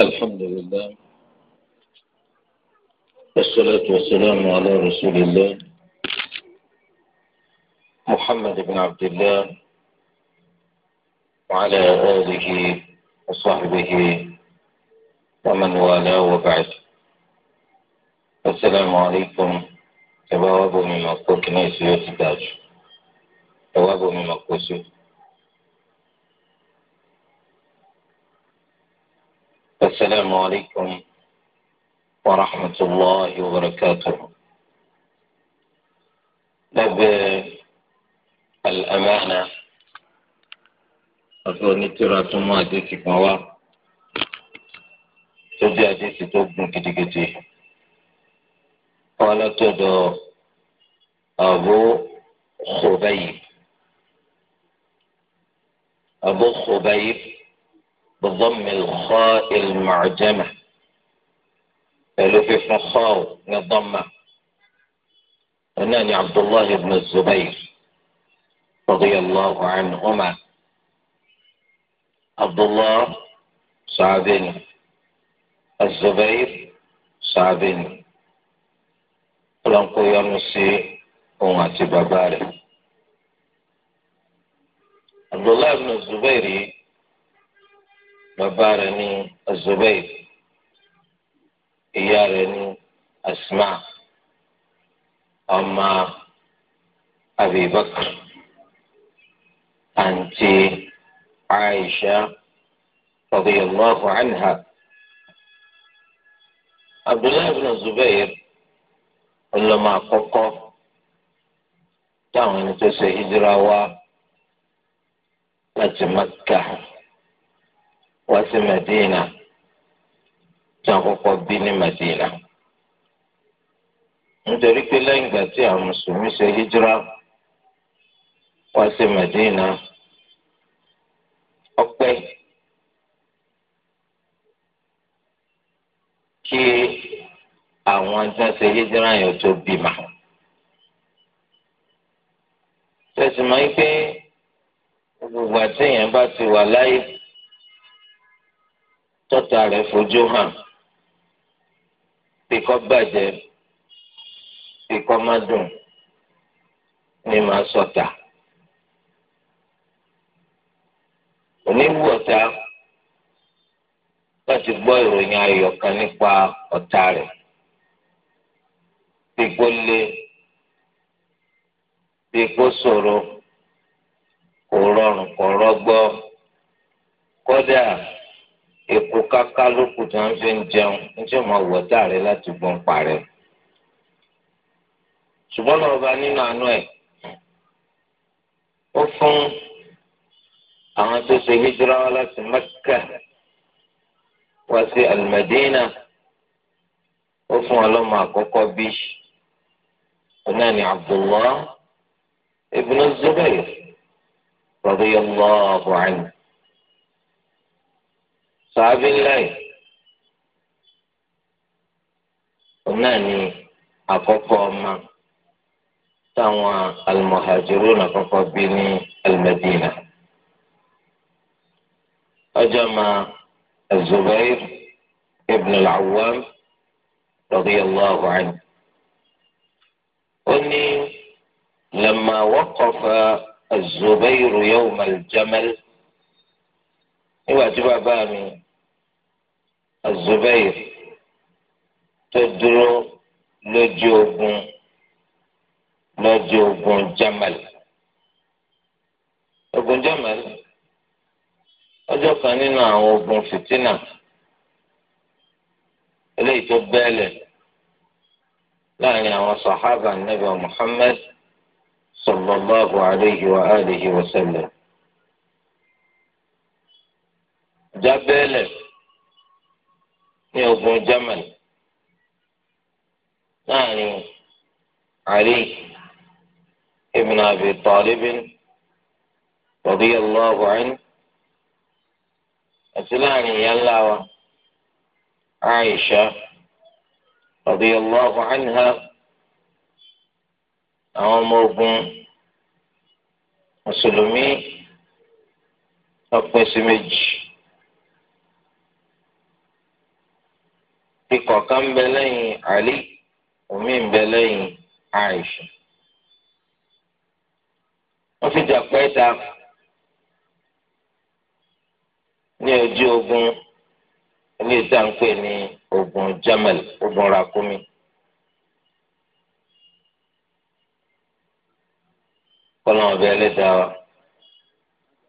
الحمد لله والصلاة والسلام على رسول الله محمد بن عبد الله وعلى آله وصحبه ومن والاه وبعد السلام عليكم تبارك من مكوك نيسي يوتي تاج تبارك من مكوسي السلام عليكم ورحمة الله وبركاته باب الأمانة أظن ترى ثم أديتك موا تجي أديتك تبن كتكتي قال تدو أبو خبيب أبو خبيب بضم الخاء المعجمة قالوا في فخاو نضمة أناني عبد الله بن الزبير رضي الله عنهما عبد الله سعدني الزبير سعدني فلنقو ينسي أمتي بباري عبد الله بن الزبير bàbá rẹ̀ ní Zubayr ìyá rẹ̀ ní Asma ọmọ Abi àǹtí Aisha radiyallahu anha Abdullahi bin Zubayr ọlọmọ àkọ́kọ́ táwọn ẹni tó ṣe hijira wá láti wá sí Madina tí wọ́n kọ́kọ́ bí ní Madina nítorí pé lẹ́yìn ìgbà tí àwọn mùsùlùmí ṣe hijira wá sí Madina ọpẹ́ kí àwọn tí wọ́n ṣe hijira yẹn tó bímọ. tẹ̀sí máa ń pé gbogbo àti èèyàn bá ti wà láyé. tọ́ta rẹ̀ fojú hàn kíkọ́ bàjẹ́ kíkọ́ má dùn ní ma sọ̀tà. oníwù ọ̀tá láti gbọ́ ìròyìn ayọ̀ kan nípa ọ̀tá rẹ̀ kíkó lé kíkó ṣòro kò rọrùn kò rọgbọ kódà. èkó káká lókù tí wọ́n fi ń jẹun níṣẹ́ wọn wọ̀ dáre láti gbọ́n parẹ́ ṣùgbọ́n náà ọba nínú àánú ẹ̀ ó fún àwọn tó ṣe hijira wá láti Mẹ́kà wá sí al ó fún ọlọ́mọ àkọ́kọ́ bí ọ̀nà ni Abdullah ibn Zubayr radiyallahu anhu sàábí ńlá yìí òun náà ni àkọ́kọ́ ọmọ táwọn almuhajirun àkọ́kọ́ bí ní almadina ọjọ́ ma azubair ibn al-awwam radiyallahu anhu ó ní lamma waqafa azubair yawm al-jamal nígbà tí bàbá mi. azubair tó dúró lójú ogun lójú ogun jamal ogun jamal ọjọ́ kan nínú àwọn ogun fitina eléyìí tó bẹ́ẹ̀lẹ̀ láàrin àwọn sahaba nabi muhammed sallallahu alayhi wa alihi wa sallam jábẹ́ẹ̀lẹ̀. ní ogun Germany láàrin Ali ibn Abi Talib radiyallahu anhu àti láàrin ìyá ńlá wa Aisha radiyallahu ha àwọn ọmọ ogun mùsùlùmí ọpẹ sí méjì. ikọ̀ kan ń bẹ lẹ́yìn Ali omi ń bẹ lẹ́yìn Aisha wọ́n fi jà pẹ́ ta ní ojú ogun ilé ìta ní ogun Jamal ogun Rakumi. kọ́nà ọ̀bẹ ẹlẹ́dàá wa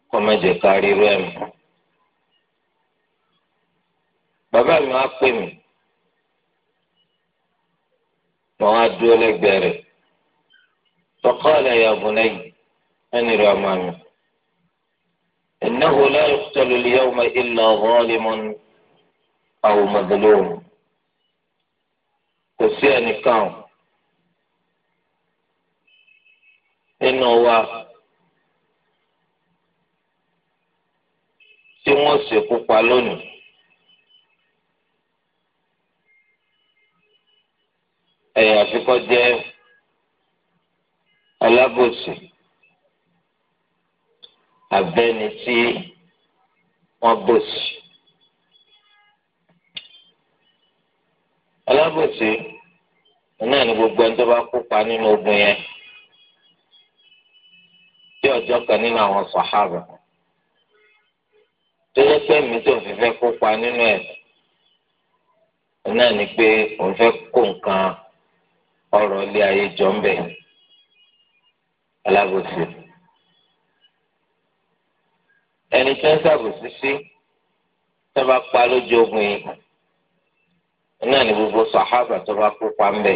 kọ́ mẹ́jẹ kárí irú bàbá mi wá pè mí wọn á dúró lẹ́gbẹ̀ẹ́ rẹ̀ فقال يا بني أن رماني إنه لا يقتل اليوم إلا ظالم أو مظلوم kò sí ẹnìkan nínú wa tí wọ́n ṣekú pa lónìí. ẹ̀yìn àfikọ́ jẹ́ alábòsí abẹ́ni tí wọ́n bòsí. alábòsí náà ni gbogbo ẹni tó bá kópa nínú ogun yẹn bí ọjọ́ kan nínú àwọn sàhábà tó yẹ pé mi tó fi fẹ́ kópa nínú ẹ̀ náà ni pé òun fẹ́ kó nǹkan ọ̀rọ̀ ilé ayé jọ ń bẹ alábòsí ẹni tí ń ṣàbòsí sí tó bá pa lójú ogun yìí náà ni gbogbo sàhábà tó bá kópa ń bẹ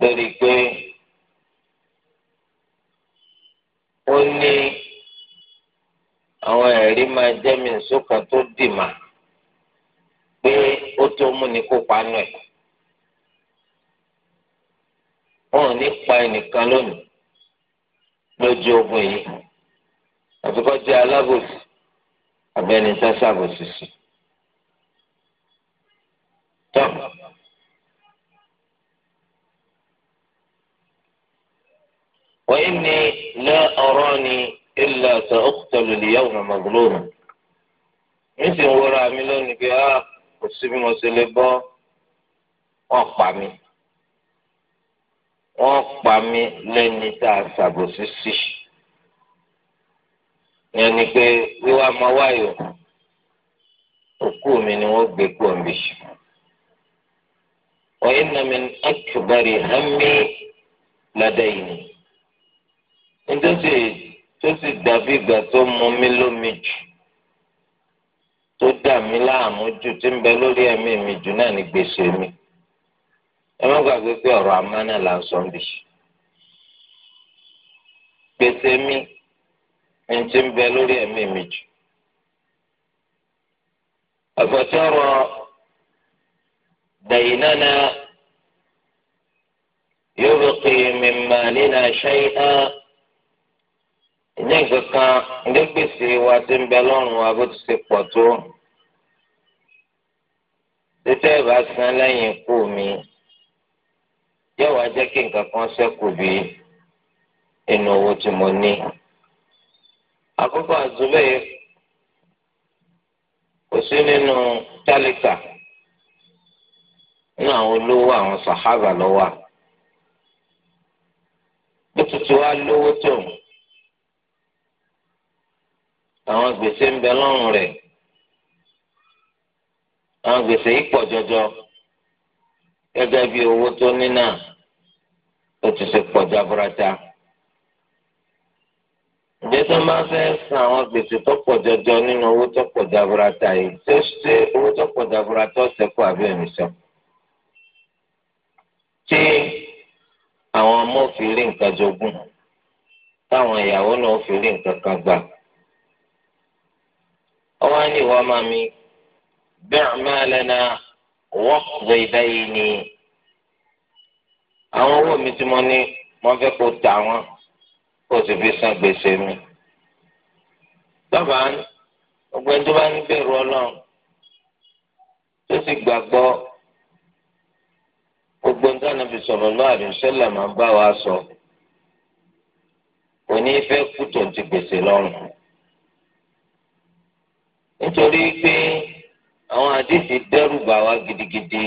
lórí pé ó ní àwọn ẹ̀rí máa jẹ́ mi nìṣó tó dì mà pé ó tó mú ni kópa nù ẹ̀. wọn ò ní pa ẹnìkan lónìí lójú ogun yìí àfi kọ́ jẹ́ alábòsí abẹ́ni tó ṣàbòsí sí. tọ́ وإني لا أراني إلا سأقتل اليوم مظلوما nísìnyí wúra mi lónìí pé ah, kò sí bí mo ṣe lè bọ́ wọn pa mi. wọ́n pa mí lẹ́ni tá a ṣàbòsí sí yẹn ni pé wíwá máa wáyò òkú mi ni wọ́n gbé kú ọ̀nbí. وإن من أكبر همي لديني nítorí tó sì dàbí ìgbà tó mú mi lómi jù tó dà mí láàmú jù tí ń bẹ lórí mi jù náà ní mi. ẹ má gbàgbé pé ọ̀rọ̀ amánà là ń sọ ń bì gbèsè mi ń ti ń bẹ lórí ẹ̀mí mi jù àgbàtọ́rọ̀ dàyínánà yóò bẹ pé mímà nínà ṣáyínà ìní nǹkan kan ní gbèsè wa ti ń bẹ lọ́rùn wa bó ti ṣe pọ̀ tó títẹ́ ìbá lẹ́yìn ikú mi yóò wá jẹ́ kí nǹkan kan ṣẹ́kù bí inú owó tí mo ní. àkókò àzúbẹ̀ kò sí nínú tálíkà nínú àwọn olówó àwọn sàhábà lọ́wọ́ bó tuntun wá lówó tó àwọn gbèsè ń bẹ lọ́rùn rẹ̀ àwọn gbèsè yìí pọ̀ jọjọ. gẹ́gẹ́ bí owó tó ní náà ó ti ṣe pọ̀ jaburata ǹjẹ́ tó máa fẹ́ san àwọn gbèsè tó pọ̀ jọjọ nínú owó tó pọ̀ jaburata yìí tó ṣe owó tó pọ̀ jaburata ọ̀sẹ̀ kó àbí ẹ̀mí sọ. tí àwọn ọmọ fi rí nǹkan jogún táwọn ìyàwó náà fi rí wọ́pọ̀ ìbẹ́yìí ni àwọn owó mi tí mo ní mo fẹ́ kó ta wọn kó sì fi san gbèsè mi. dábàá gbogbo ẹni tó bá ń bẹ̀rù ọlọ́run tó sì gbàgbọ́ gbogbo nǹkan náà fi sọ̀rọ̀ lọ́wọ́ àdùnsẹ́lẹ̀ máa bá wa sọ òní fẹ́ kú tó ti gbèsè lọ́rùn nítorí pé àwọn àdìsí dẹ́rù bà wá gidigidi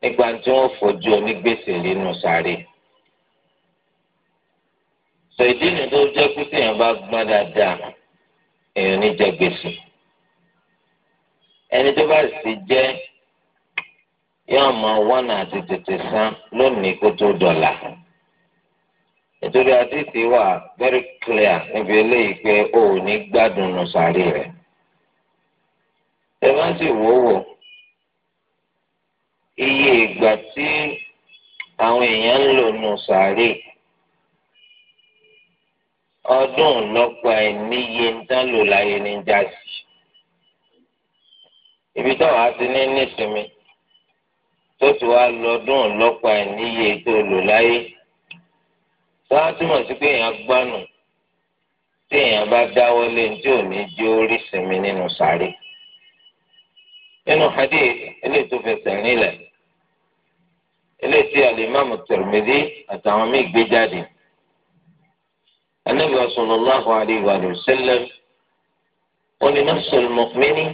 nígbà tí wọ́n fojú onígbèsè nínú sáré sọ ìdí ni tó jẹ́ pé téèyàn bá gbọ́n dáadáa èèyàn ní jẹ gbèsè ẹni tó bá sì jẹ́ yóò máa wọ́nà àti tètè san lónìí kó tó dọ̀là nítorí àdìsí wà very clear níbi eléyìí pé o ò ní gbádùn nù sáré rẹ̀ tẹ̀wọ́n sì wò wò iye ìgbà tí àwọn èèyàn ń lò nù sàárè ọdún lọ́pọ̀ ẹ̀ níye ń tán lò láyé ní jásì ibi táwọn á ti ní nísìmí tó ti wá lọ́dún lọ́pọ̀ ẹ̀ níye tó lò láyé tó á túmọ̀ sí pé èèyàn gbánù tí èèyàn bá dáwọ́lé tí ò ní jẹ́ orí sinmi nínú sàárè nínú hadith eléyìí tó fẹsẹ̀ nílẹ̀ eléyìí tí alimami Tirmidhi àtàwọn míì gbé jáde anabi sallallahu alayhi wa sallam oní nafsul mu'mini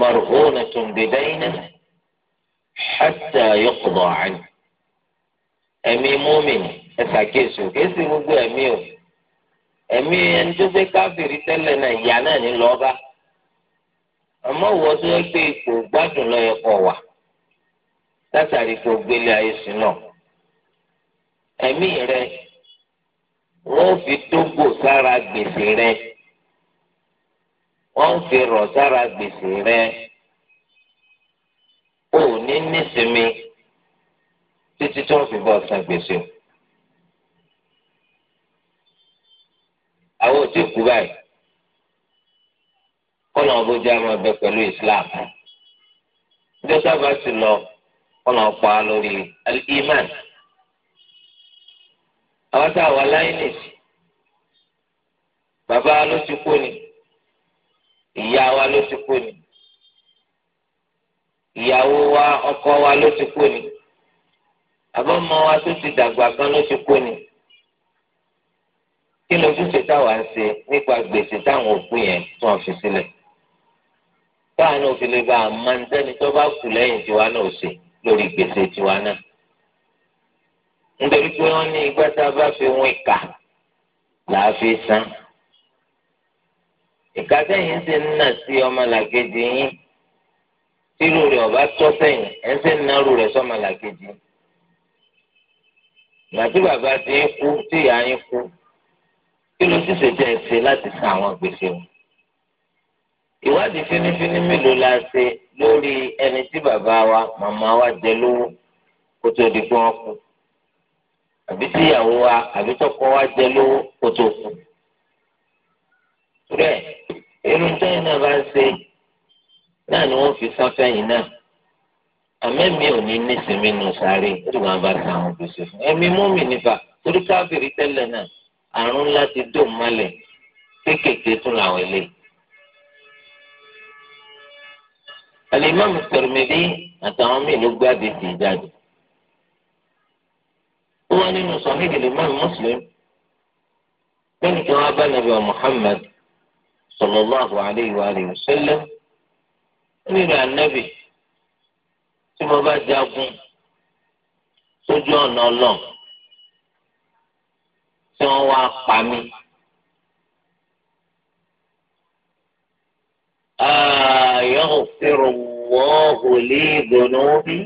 marhunatun bidaynihi hatta yuqda anhu ẹ̀mí mọ́mìnì ẹ̀sà kéésì ò kéésì gbogbo ẹ̀mí o ẹ̀mí ẹni tó fẹ́ káfíìrì tẹ́lẹ̀ náà ìyá náà ní lọ́ọ́ bá àmọ́ wọ tó yẹ pé ipò gbádùn lọ yẹ kọ wà látàrí ipò gbélé ayé sí náà ẹ̀mí rẹ wọ́n fi dógò sára gbèsè rẹ wọ́n fi rọ̀ sára gbèsè rẹ ò ní nísinmi títí tó ń fi bọ́ san gbèsè o àwọn ò tí kú báyìí kọ́nà ọgbọ́jà máa bẹ pẹ̀lú islam ìjọba bá sì lọ kọ́nà ọ̀pá lórí al-iman àwọn tá a wà láyé nìsí bàbá ló ti kú ni ìyá wa ló ti kú ni ìyàwó wa ọkọ wa ló ti kú ni àbọ̀mọ wa tó ti dàgbà kan ló ti kú ni kí lójúṣe táwa ń ṣe nípa gbèsè táwọn òkú yẹn tí wọ́n káà náà fi lè bá a máa ń tẹ́ni tó bá kù lẹ́yìn tiwa náà ṣe lórí gbèsè tiwa náà. nítorí pé wọ́n ní igbá tá a bá fi wọn ìkà làá fi san. ìkà sẹ́yìn ṣe ń nà sí ọmọlàkejì yín tírú rẹ̀ ọ̀bá tọ́ sẹ́yìn ẹ̀ ń ṣe ń nárú rẹ̀ sọ́mọlàkejì. màtí bàbá ti ń kú tí ìyá yín kú kí ló sì ṣe jẹ́ ẹ ṣe láti san àwọn gbèsè wọn ìwádìí fínífíní mélòó la ṣe lórí ẹni tí bàbá wa màmá wa jẹ lówó kó tó di pé wọn kú àbí tíyàwó wa àbí tọkọ wa jẹ lówó kó tó kú. rẹ irú tẹ́yìn náà bá ń ṣe náà ni wọ́n fi sáfẹ́ yìí náà àmẹ́mi ò ní nísìmí nù sáré ó ti bá ta àwọn gbèsè fún ẹ̀mí mọ́mì nípa torí káfíìrì tẹ́lẹ̀ náà àrùn ńlá ti dò mọ́lẹ̀ kéékèèké tún làwọn eléyìí. alimami Tirmidhi àtàwọn míì ló gbé àdìsí jáde ó wá nínú sọ̀hídì alimami Muslim bẹ́ẹ̀ni kí wọ́n bá nàbẹ̀ Muhammad sallallahu alayhi wa alihi wa sallam nínú ànábì tí mo bá jagun sójú ọ̀nà ọlọ́run tí wọ́n wá pa mí. يغفر الله لي ذنوبي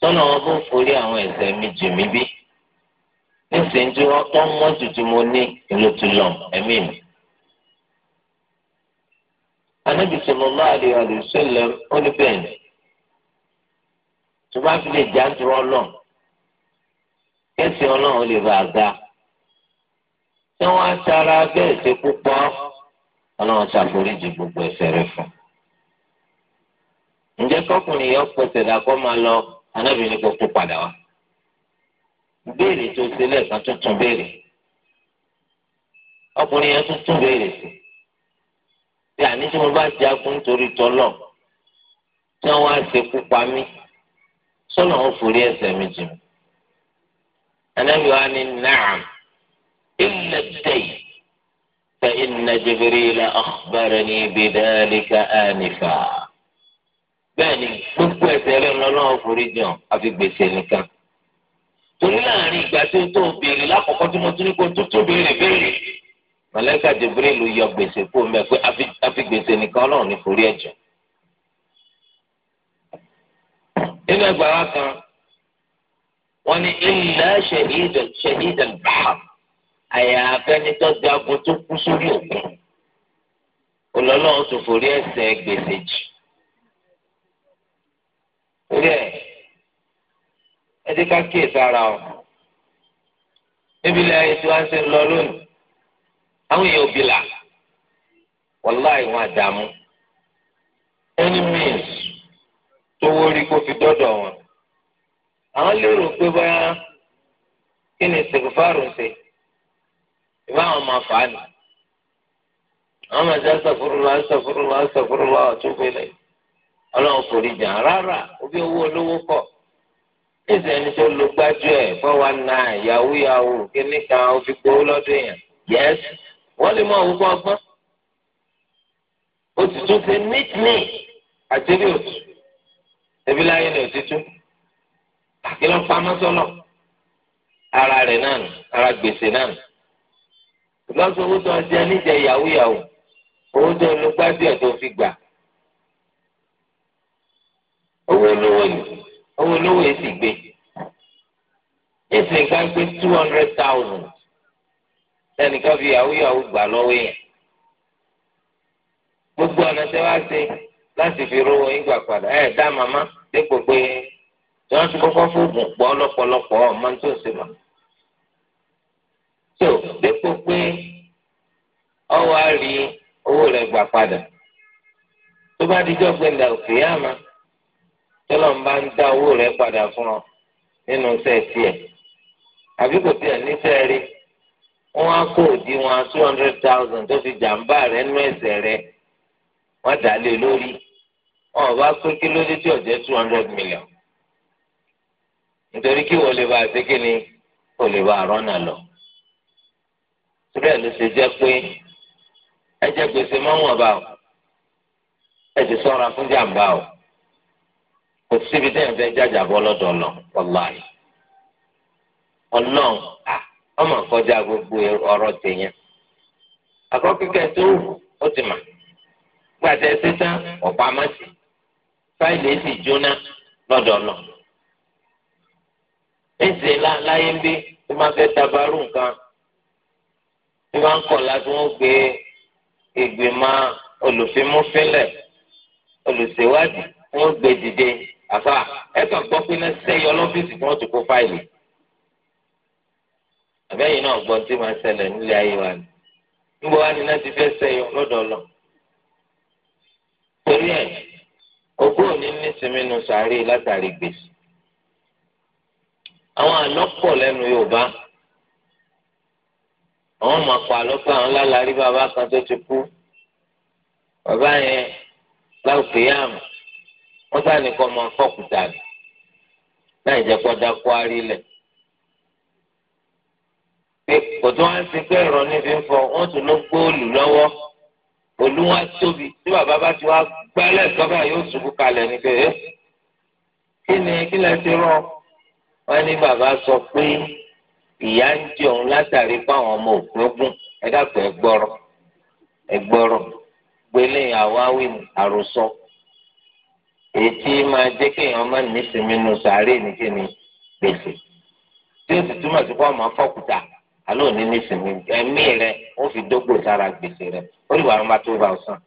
sọ́nà wọn bó forí àwọn ẹ̀ṣẹ̀ mi jì mí bí nísìnyí tí wọ́n tọ́ mọ́ tuntun mo ní ìlú tó lọ ẹ̀mí mi. anábì sallallahu alaihi wasallam ó ní bẹ́ẹ̀ fi lè já ń turọ́ lọ ọlọ́run lè bá a ga tí wọ́n á bẹ́ẹ̀ ṣe púpọ̀. ọlọ́run ṣàforíjì gbogbo ẹ̀ṣẹ̀ rẹ̀ fún. ǹjẹ́ kọkùnrin yẹn pọ̀ tẹ̀dá kọ́ máa lọ anábìrin kò tó padà wá. béèrè tó ṣe lẹ́ẹ̀kan tó tún béèrè. ọkùnrin yẹn tún tún béèrè sí. bí àní tí mo bá jagun nítorí tọ́lọ̀ tí wọ́n á ṣe kú pa mí sọ́nà ó forí ẹ̀ṣẹ̀ mi jì mí. anábìrin wa ni nàám ilẹ̀ dẹ̀yìn. فإن جبريل أخبرني بذلك آنفا bẹ́ẹ̀ni gbogbo ẹ̀ṣẹ̀ rẹ̀ lọ́lọ́run foríjì hàn àfi gbèsè nìkan torí láàrin ìgbà tí o tó béèrè lákòókò tí mo tún ní kó tuntun béèrè béèrè mọlẹ́kà Jibril yọ gbèsè kó mẹ pé àfi gbèsè nìkan Ọlọ́run ní forí ẹ̀jọ́. nínú ẹgbàá wa kan wọ́n ní ilẹ̀ ṣẹ̀yí ìdàgbà àyàfẹ́nitọ́ jagun tó kú sórí òkun olọ́lọ́run tó forí ẹ̀ṣẹ̀ gbèsè jì torí ẹ̀ ẹ ti ká kíyè sára o níbi ilẹ̀ ayé tí wọ́n ń ṣe lọ lónìí àwọn èèyàn òbí là wàláì wọn àdààmú any means tó wórí kó fi dọ́dọ̀ wọn àwọn lérò pé báyà kí ni sèkúfàrò ń ṣe ìwé àwọn máa fà á nì. àwọn máa ṣe àṣàfúrúlọ àṣàfúrúlọ àṣàfúrúlọ àtúnfẹlẹ ọlọ́run kò rí jà rárá òbí owó olówó kọ níṣẹ ẹni tó lo gbájú ẹ fọwọ náà yahoo yahoo kíní kan ó fi gbowó lọ́dún yẹn yẹs wọn lè mọ òwúkọ ọgbọ́n òtútù ṣe nítìní àjẹbí òtù ẹbí láyé ní òtútù àkìlọ́ pamọ́ sọ́nà ara rẹ̀ náà ara gbèsè náà ṣùgbọ́n sọ owó tó ń jẹ níjẹ yahoo yahoo owó tó ń lo gbájúẹ̀ tó fi gbà owó olówó ni owó olówó yìí sì gbé ìsìn kan gbé two hundred thousand lẹ́nìkan fi yahoo yahoo gbà lọ́wọ́ yẹn gbogbo ọ̀nà tẹ́ wá sí láti fi rówó yín gbà padà ẹ̀ dá màmá dépò pé tí wọ́n ti kọ́kọ́ fóògùn pọ̀ lọ́pọ̀lọpọ̀ ọ̀ máa ń tó ṣe màmá tí ò dépò pé ọwọ́ á rí owó rẹ̀ gbà padà tó bá dijọ́ gbẹ̀ndà òkèèyàmá tọ́lọ̀ ń bá ń dá owó rẹ̀ padà fún ọ nínú iṣẹ́ tiẹ̀ àbí kò tiẹ̀ níṣẹ́ rí wọ́n á kó òdiwọ̀n two hundred thousand tó fi jàǹbá rẹ̀ nú ẹ̀sẹ̀ rẹ̀ wọ́n dà lé lórí wọn ò bá pé kí ló dé tí ọ̀jẹ́ two hundred million nítorí kí wọ́n lè bá a ṣe kí ni kò lè bá a rọ́nà lọ. bẹ́ẹ̀ ló ṣe jẹ́ pé ẹ jẹ́ gbèsè máa ń wọ̀n bá o ẹ sì sọ́ra fún jàǹbá o kò síbi tẹ́yìn fẹ́ jájà bọ́ lọ́dọ̀ lọ ọlọ́run ọmọ kọjá gbogbo ọ̀rọ̀ tèèyàn àkọ́kíkẹ́ tó wù ó ti mà gbàtẹ́ sísá ọ̀pá fáìlì èsì jóná lọ́dọ̀ lọ. láyé ń bí máa fẹ́ tabarú nǹkan. tí wọ́n kọ̀ láti wọ́n gbé ìgbìmọ̀ olùfimúfínlẹ̀ olùṣèwádìí wọ́n gbé dìde àfa ẹ̀ka gbọ́ pé náà sẹ́yọ lọ́fíìsì tí wọ́n ti kó fáìlì. àbẹ́yìn náà gbọ́ tí máa ṣẹlẹ̀ nílé ayé wa ni níbo wá ni náà ti fẹ́ sẹ́yọ lọ́dọ̀ lọ. torí ẹ̀ ogún òní ní sinmi nu sàárè látàrí gbèsè. àwọn àlọ́ pọ̀ lẹ́nu Yorùbá àwọn ọmọ àpò àlọ́pàá àwọn lálàrí bàbá kan tó ti kú bàbá yẹn láwùjọ yá àmọ́ wọ́n sá nìkan máa fọ́kùtà ni láì jẹ́ kó dá kwari lẹ̀ kò tó wá ń ti pé ìrọ̀ níbi ń fọ wọ́n tún ló gbóòlù lọ́wọ́ olúwa tóbi tí bàbá bá ti wá gbálẹ̀ gbọ́bà yóò ṣubú kalẹ̀ ní pé kí ni kí lẹ ti rọ wọ́n ní bàbá sọ pé ìyá ń jẹ òun látàrí fáwọn ọmọ òfin ogun ẹ dàpọ̀ ẹ gbọ́rọ̀ ẹ gbọ́rọ̀ gbélé àwáwí àròsọ ètí máa jẹ́ kéèyàn má nísìmí nu sàárè nìkéni gbèsè tí o sì túmọ̀ sí fún ọmọ afọ́kùtà àlọ́ òní nísìmí ẹ̀mí rẹ ó fi dógbò sára gbèsè rẹ ó lè wà wọn bá tó bá ọ sàn.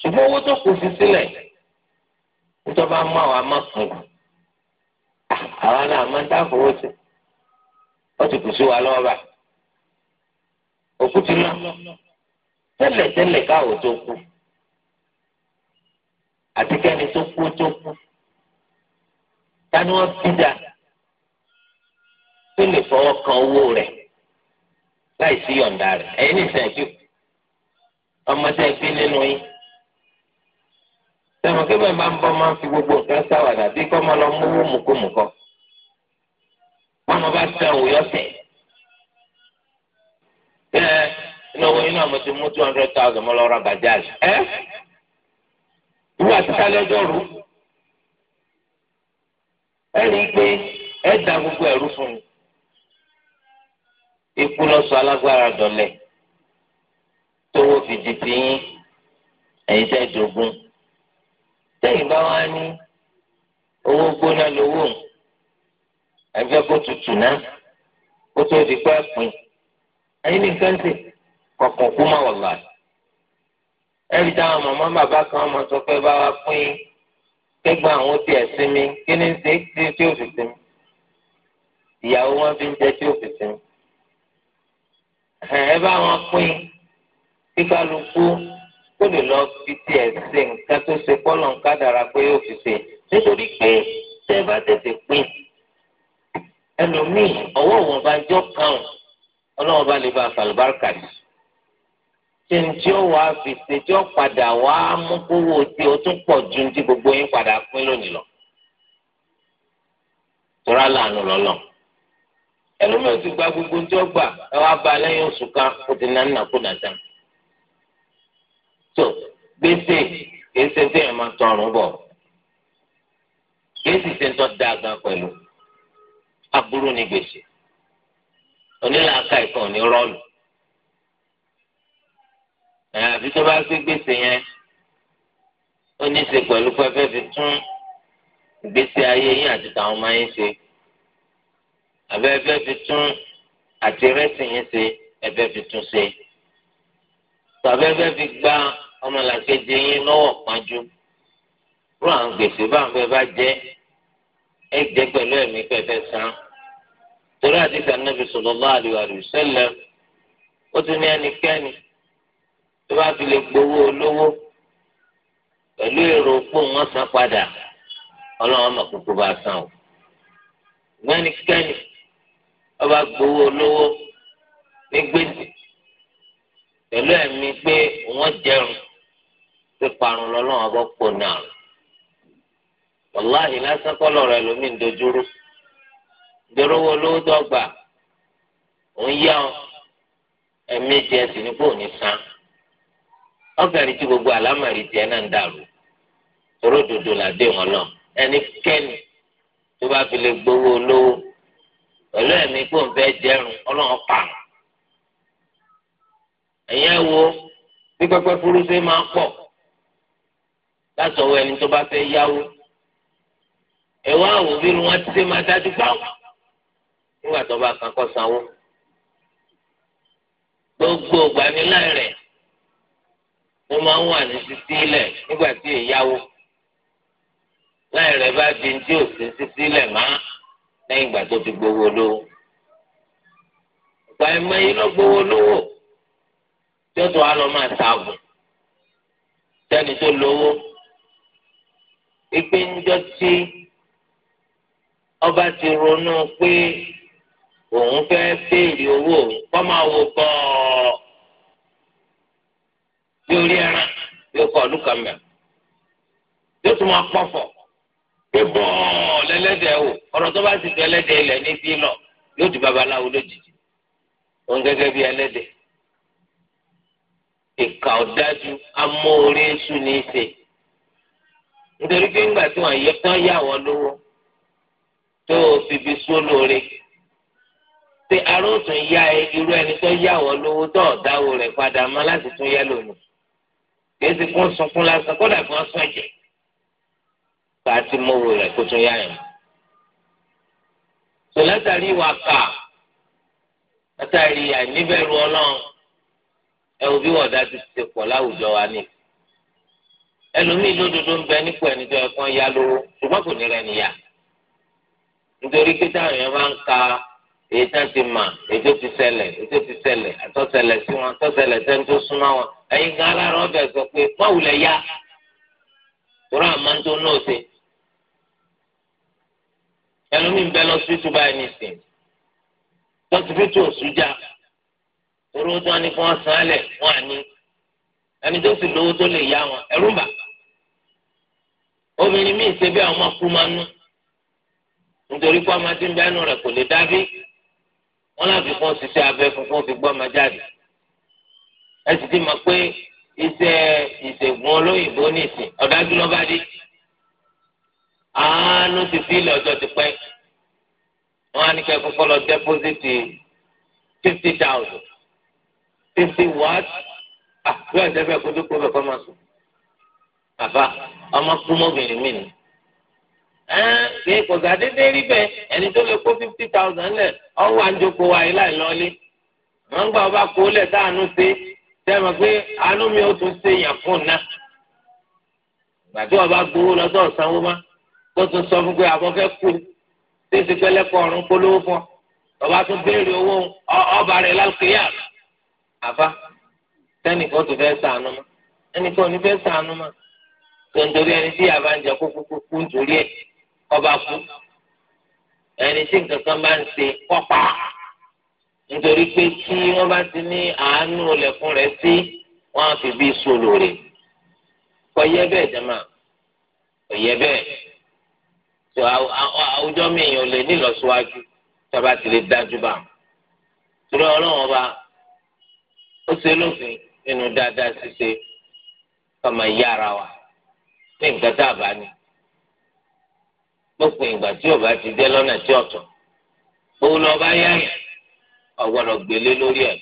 ṣùgbọ́n owó tó kù sí sílẹ̀ nítorí wọn máa wà á má kùn jù àwa náà máa ń dá fowó sí ó ti kù sí wa lọ́wọ́ bá òkú ti lọ tẹ́lẹ̀ tẹ́lẹ̀ káwọ́ tó kú àti kẹ́ni tó kú tó kú tani wọ́n fi dà tó lè fọwọ́ kan owó rẹ̀ láì sí yọ̀ǹda rẹ̀ ẹ̀yin nìsẹ̀ ẹ̀kí ọmọdé ẹ̀kí nínú yín sẹ́wọ̀n kí bẹ́ẹ̀ máa ń bọ́ máa ń fi gbogbo nǹkan sáwàdà bí kọ́ máa lọ mówó mùkúmùkọ́ wọn bá tẹ òwúyọ́ tẹ̀ ẹ ìnáwó yìí náà mo ti mú two hundred thousand mo lọ ra bajaj ẹ ìwé àtìkálẹ̀ ọjọ́ rú ẹ rí i pé ẹ da gbogbo ẹ̀rú fún mi ikú lọ sọ alágbára dọ̀lẹ tówó fi di tiyín ẹ̀yin tẹ́ dogun sẹ́yìn bá wá ní owó gbóná lówó ẹgbẹ́ kó tutù náà kó tó di pé pin ẹ̀yin nìkan ṣe kọ̀ọ̀kan kú mọ̀ wọ̀ láì. ẹ̀rí táwọn màmá bàbá kan ọmọ tó fẹ́ bá wa pín kẹ́gbọ́n àwọn tí ẹ̀ sinmi kí ni ṣe tí tí ò fi sinmi ìyàwó wọn fi ń jẹ tí ò fi sinmi. ẹ bá wọn pín kíkálukú kó lè lọ fi tiẹ̀ ṣe nǹkan tó ṣe kọ́lọ̀ ń kádàrà pé yóò fi ṣe nítorí pé tẹ́ ẹ bá tètè pín ẹlòmíì ọwọ́ òun bá jọ kàn ọlọ́run bá lè ba àfàlùbáràkà sí ṣe ń tí ó wàá fi ṣe tí ó padà wàá mú kówó tí ó tún pọ̀ ju ti gbogbo yín padà pín lónìí lọ tora lànà lọlọ ẹlòmíràn ti gba gbogbo tí ó gbà ẹ wá ba lẹ́yìn oṣù kan ó ti nà ń nàkó nàdán tó gbèsè gbèsè tí ẹ̀ máa tọrùn bọ̀ gbèsè tí ń tọ́ da gan pẹ̀lú aburú ni gbèsè onílàáka ìkan ní rọ́ọ̀lù àbí tó bá gbé gbèsè yẹn ó ní í ṣe pẹ̀lú pẹ́fẹ́ fi tún ìgbésí ayé yín àti tàwọn ọmọ yín ṣe àbẹ́ fi tún àti rẹ́sì yín ṣe ẹfẹ́ fi tún ṣe tàbẹ́fẹ́ fi gba ọmọlàkejì yín lọ́wọ́ pọ́njú rún àwọn gbèsè bá ń fẹ́ bá jẹ́ ẹ jẹ́ pẹ̀lú ẹ̀mí pẹ̀fẹ́ san torí àdìsá nàbì sallallahu alaihi wasallam ó tún ní ẹnikẹ́ni tó bá fi lè gbowó olówó pẹ̀lú èrò fún wọn san padà ọlọ́run mọ̀ kókó bá san o ẹnikẹ́ni ó gbowó olówó ní gbèsè. pẹ̀lú ẹ̀mí pé wọ́n jẹun pé parun lọ́lọ́run ọgbọ́n pò náà wàláhì lásán kọ́lọ̀ rẹ̀ lómi ń dojúrú dúró wo dọ́gba òun yá ọ ẹ̀mí jẹ ní tí gbogbo àlámàrí náà ń dàrú toródodo làdé wọn lọ ẹnikẹ́ni ẹ̀yẹ́ wo bí pẹpẹ furuufé máa pọ̀ láti ọwọ́ ẹni tó bá fẹ́ yáwó ẹ̀wọ́ àwọn òbí wọn ti ṣe máa dájú báwò nígbà tó bá kan kọ́ sanwó gbogbo gbanilá rẹ̀ ló máa ń wà ní títí ilẹ̀ nígbà tí èyáwó láì rẹ̀ bá di tí ò sí títí ilẹ̀ má lẹ́yìn ìgbà tó ti gbowó lówó ìgbà ẹ̀mọ́ yìí ló gbowó lówó tí ó tó wá lọ máa ta ààbò tẹni tó lówó ìpè ńjọ tí ọba ti ronú pé òun fẹ́ béèrè owó kọ́ máa wo kọ́ bí orí ẹran yóò kọ́ ọdún kan mẹ́rin yóò tún máa pọ̀fọ̀ pé bọ́ọ̀ lẹ́lẹ́dẹ̀ẹ́ o ọ̀rọ̀ tó bá sì fẹ́ ẹlẹ́dẹ̀ẹ́ ilẹ̀ ní bí lọ yóò di babaláwo lójijì òun gẹ́gẹ́ bí ẹlẹ́dẹ̀ẹ́. ìka ọ̀dájú amóore sùn ní í ṣe nítorí pé ńgbà tí wọ́n yẹ tán yà wọ́n lówó tó o fi fi sún lóore ṣe aróòtún ya e, irú ẹni tó yà wọ́n lówó tó ọ̀dáwó rẹ̀ padà mọ́ láti tún yẹ lónìí kìí ṣe kún sunkún lásán ká ti rẹ̀ kó tún yá yẹn. látàrí àìníbẹ̀rù ọlọ́run. ẹ wo bí wọ́n dá ti ṣe pọ̀ láwùjọ wa ní. ẹlòmíì lódodo ń bẹ nípò ẹni tó ẹ̀kan ya lówó ṣùgbọ́n kò ní rẹ níyà. nítorí pé táwọn èèyàn máa ń ka èyí tán ti mà èyí tó ti ṣẹlẹ̀ èyí tó ti ṣẹlẹ̀ àtọ́ṣẹlẹ̀ sí wọn àtọ́ṣẹlẹ̀ sẹ́ni tó súnmọ́ wọn ẹ̀yin gan alára ọbẹ̀ sọ pé pọ́wùlẹ̀ yá torí àmọ́ tó náà ṣe. ẹlòmíì ń bẹ lọ sí túbà ẹni sìn lọ́sibítù òṣùjà owó tí wọ́n ní kí wọ́n san án lẹ̀ wọ́n á ní ẹni tó sì lówó tó lè yá wọn ẹ̀rú bà obìnrin míì ṣe bí àwọn ọmọ kú máa nú nítorí pé ọmọ tí ń bẹ ẹnu rẹ̀ kò lè dábí wọn láti fún ṣiṣẹ́ abẹ fún fún fi gbọ́ ọmọ jáde ẹ sì ti mọ̀ pé iṣẹ́ ìṣègùn olóyìnbó nìsín ọ̀dájú ló bá dé àánú ti fi ilẹ̀ ọjọ́ ti pẹ́ wọn á ní kẹ́ lọ dẹ́pọ́sìtì fifty thousand fifty watt ah, àbúrò ìdẹ́fẹ́ kojú kó bẹ́ẹ̀ kọ́ máa sùn. bàbá ọmọ kú mọ́bìnrin mi ni. ṣé kò sàdédé rí bẹ́ẹ̀ ẹni tó lè kó fifty thousand lẹ̀ ọwọ́ àjòkó wa yìí láì lọ́lé. wọ́n gbà ọba kó lẹ̀ dáànú ṣe sẹ́wọ̀n pé àánú mi ò tún ṣe yàn fún un náà. gbàdúrà ọba gbowó lọ́dọ̀ sanwó má kó tún sọ fún pé àbọ̀ fẹ́ kú ṣé ti pẹ́lẹ́kọ̀ọ́rùn polówó fún ọ ọba tún béèrè owó ọba àfa sẹ́ni kan tó fẹ́ sànù mọ́ ẹni kan ò ní fẹ́ sànù mọ́ tó nítorí ẹni tí yàrá ń jẹ kúkúkú nítorí ẹ ọba kú ẹni tí nǹkan kan bá ń ṣe kọ́pá nítorí pé tí wọ́n bá ti ní àánú lẹ̀kùn rẹ̀ sí wọ́n á fi bí solo rẹ̀ kọ̀yẹ́ bẹ́ẹ̀ jama kọ̀yẹ́ bẹ́ẹ̀ tó àwùjọ mi èèyàn lè nílọsíwájú tó a bá ti lè dájú bá torí ọlọ́run ọba ó ṣe lófin nínú dáadáa ṣíṣe ọmọ ìyá ara wa ní nǹkan tá a bá ní lópin ìgbà tí ọba ti dé lọ́nà tí ọ̀tọ̀ gbowó lọ́ba yáyà ọ̀gbọ́dọ̀ gbélé lórí ẹ̀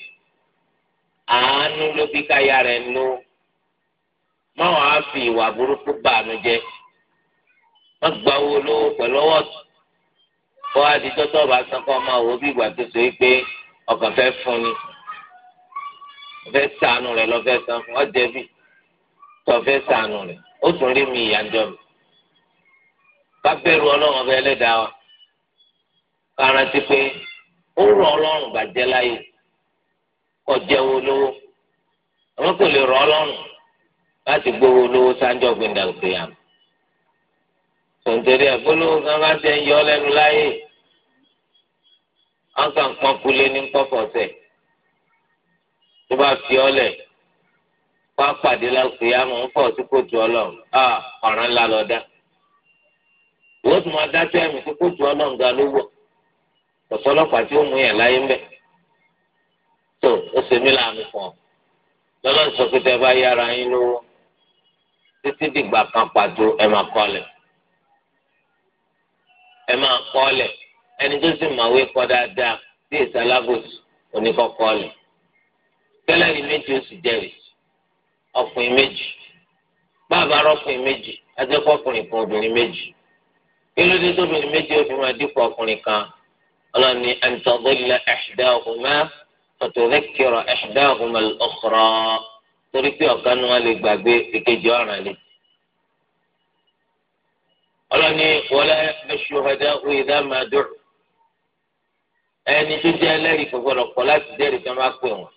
àánú ló fi káyà rẹ̀ nú máwọn á fi ìwà burúkú bàánú jẹ wọ́n gba owó lówó pẹ̀lú ọwọ́ kó adijọ́ tó ọba sanko ọmọ òwò bí ìgbà tó so yí pé ọkàn fẹ́ fún ni fẹ́ sànù rẹ̀ lọ fẹ́ san fún ọjẹ́ bí tó fẹ́ sànù rẹ̀ ó tún rí mi ìyànjọ mi ká bẹ̀rù ọlọ́run ọbẹ̀ ẹlẹ́dàá wa ká rántí pé ó rọ ọlọ́run bàjẹ́ láyè kó jẹ́wọ́ lówó àwọn kò lè rọ ọlọ́run láti gbowó lówó sáńjọ́ gbẹ̀ndàgbéyàmù tòǹtẹ̀rẹ̀ gbólóhùn kan bá tẹ̀ ń yọ lẹ́nu láyè wọ́n kàn pọ́n kulé ní pọ́pọ́sẹ̀ tó bá fi ọlẹ̀ lẹ̀ wá pàdé lákùúyà ń pọ̀ tí kò tu ọlọ́run ńlá lọ dá. ìwọ́n tún máa dá tí kò tu ga ló wọ̀ ọ̀sọ́lọ́pàá tí ó mú yàn láyé mbẹ̀. tó ó ṣe mí láàánú fún sọ pé bá yára yín lówó títí kan pàtó ẹ máa ẹni tó sì máa wé tẹ́lẹ̀ ní méjì ó sì jẹ́rìí ọkùnrin méjì bàbá arọ́kùnrin méjì ajẹ́kọ̀ ọkùnrin kan obìnrin méjì kí ló dé tóbìnrin méjì ó fi máa dípò ọkùnrin kan ọlọ́run ní àǹtọ̀gbẹ́lá ihdahuma fatudhakkira ihdahuma torí pé ọ̀kan ni wọ́n lè gbàgbé èkejì ọ̀ràn lè. ọlọ́run ní wala ash-shuhada'u idha ẹni tó jẹ́ ẹlẹ́rìí kò gbọ́dọ̀ kọ̀ láti jẹ́rìí tó máa pè wọ́n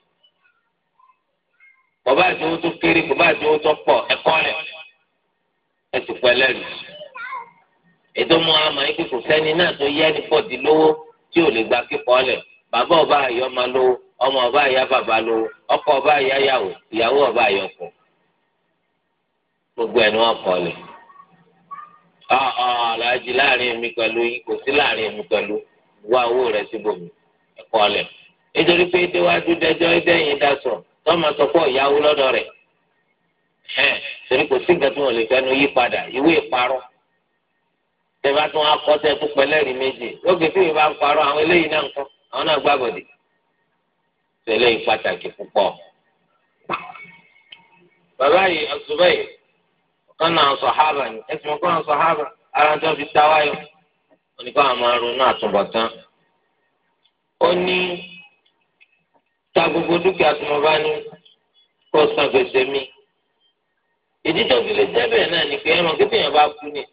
kò bá àti owó tó kéré kò bá àti owó tó pọ̀ ẹ̀kọ́ rẹ̀ ẹ ti pẹ́ lẹ́rù. ètò mú àmọ́ ikú kò sẹ́ni náà tó yẹ ní pọ̀dì lówó tí ò lè gba kíkọ́ lẹ̀ bàbá ọba àyọ máa lówó ọmọ ọba àyà bàbá lówó ọkọ ọba àyà yàwó ìyàwó ọba àyọ kù gbogbo ẹ̀ ni wọ́n kọ́ lẹ̀. ọ̀ọ́láàjì ah, ah, láàrin mi pẹ̀lú kò sí láàrin mi pẹ̀lú wá owó rẹ̀ síbòmí ẹ̀kọ́ lẹ̀ nítorí pé déwájú dẹjọ́ dẹ́yìn dá sọ̀rọ̀ tó máa sọ fún ìyàwó lọ́dọ̀ rẹ̀ ẹ̀ torí kò sí nǹkan tí wọ́n lè fẹ́nu yí padà ìwé ìparọ́ tẹ́fà tún akọ́tẹ́ tó pẹlẹ́rìí méjì lókè tí ìwé bá ń parọ́ àwọn eléyìí náà ń kọ́ àwọn náà gbàgbọ́dì tẹ́lẹ̀ pàtàkì púpọ̀. bàbá yìí yìí ọ̀kan náà ara tó fi dáwáyọ̀ oníkọ́ àwọn ta gbogbo dúkìá tí mo bá ní kó san gbèsè mi ìdí tó fi lè jẹ́ bẹ́ẹ̀ náà ni pé ẹran kí téèyàn bá kú ni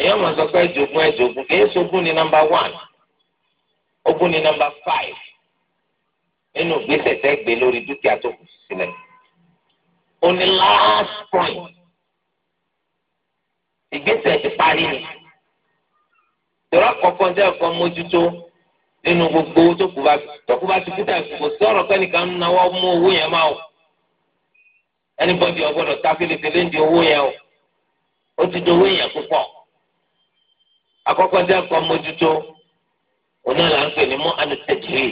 èèyàn mọ̀ sọ pé ẹ̀jọ̀gún ẹ̀jọ̀gún kì í ṣogún ní nọ́mbà wán ogún ní nọ́mbà fáìf nínú gbèsè tẹ́ gbé lórí dúkìá tó kù sílẹ̀ ó ní last point ìgbésẹ̀ ti parí ni ìrọ̀ kọ̀ọ̀kan jẹ́ ọ̀kan mójútó. nínú gbogbo owó tó kù bá tó kù bá ti kú tà kò sọ̀rọ̀ kẹ́nìkan ń náwó mú owó yẹn máa o ẹnibọ́dì ọgbọ́dọ̀ ta fèlèfèlè ń di owó yẹn o ó ti di owó yẹn púpọ̀ àkọ́kọ́ dé ẹ̀kọ́ mójútó òun náà là ń pè ní mọ́ anatẹ́jìrì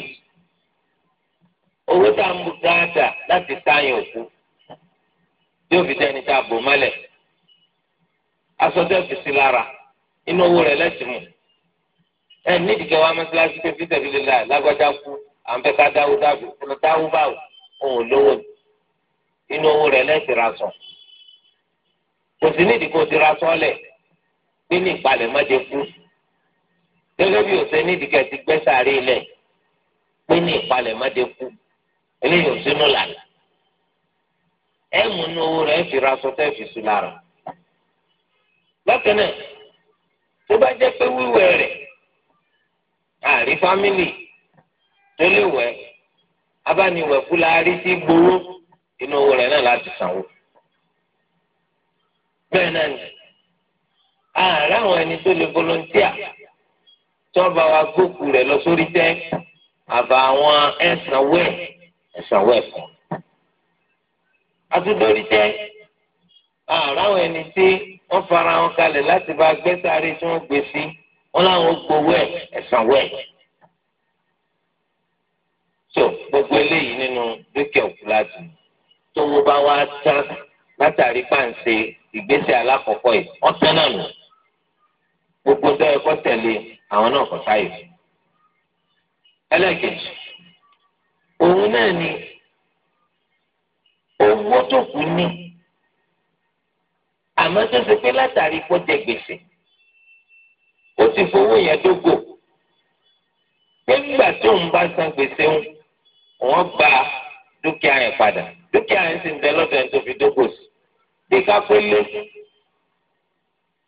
owó tá a mú dáadáa láti táyàn òkú tí òfin tẹ́ni tá a bò mọ́lẹ̀ aṣọ tẹ́ fi sí lára inú owó ẹ nídìí kẹwàá mọ́sálásí pé peter bí lélá lágbájá kú à ń fẹ́ ká dáwó dáàbò kúlọ̀ dáwó báwò òun lówó inú owó rẹ̀ lẹ́sìn ra sàn kò sí nídìí kó ti ra sọ́ọ̀lẹ̀ pé ní ìpalẹ̀ má jẹ kú gẹ́gẹ́ bí òsè nídìí kẹ́ ti gbẹ́ sàárè lẹ̀ pé ní ìpalẹ̀ má kú eléyìí ò sínú làlà ẹ mú inú owó rẹ̀ fi ra sọ tẹ́ fi sùn lára bákan náà tó bá jẹ́ pé wíwẹ̀ rẹ̀ àrí fámìlì tó lè wẹ̀ abániwẹ̀kú la rí sí gbowó inú owó rẹ̀ náà láti sanwó. bẹ́ẹ̀ náà ni àárẹ̀ àwọn ẹni tó lè volunteer tí wọ́n bá wa gbókù rẹ̀ lọ sórí tẹ́ àbá àwọn ẹ̀sánwó ẹ̀ ẹ̀sánwó ẹ̀ fún. atúndórí tẹ́ àárẹ̀ àwọn ẹni tí wọ́n fara wọn kalẹ̀ láti bá gbẹ́sàárẹ̀ tí wọ́n gbé sí. Si wọn làwọn gbowó ẹ ẹsanwó ẹ so gbogbo eléyìí nínú dúkìá òkú láti tówó bá wá tán látàrí pàǹsẹ ìgbésẹ̀ alákọ̀ọ́kọ́ yìí ọtán náà nù gbogbo dọ́yẹ kọ́ tẹ̀lé àwọn náà kọ́ táyé ẹlẹ́kẹ̀jì òun náà ni owó tó kù ní àmọ́ tó ṣe pé látàrí kó jẹ gbèsè ó sì fowó yẹn dógò nígbà tó ń bá san gbèsè ń wọ́n gba dúkìá yẹn padà dúkìá yẹn sì ń bẹ lọ́dọ̀ ẹni tó fi dógò sí bí kápẹ́lẹ́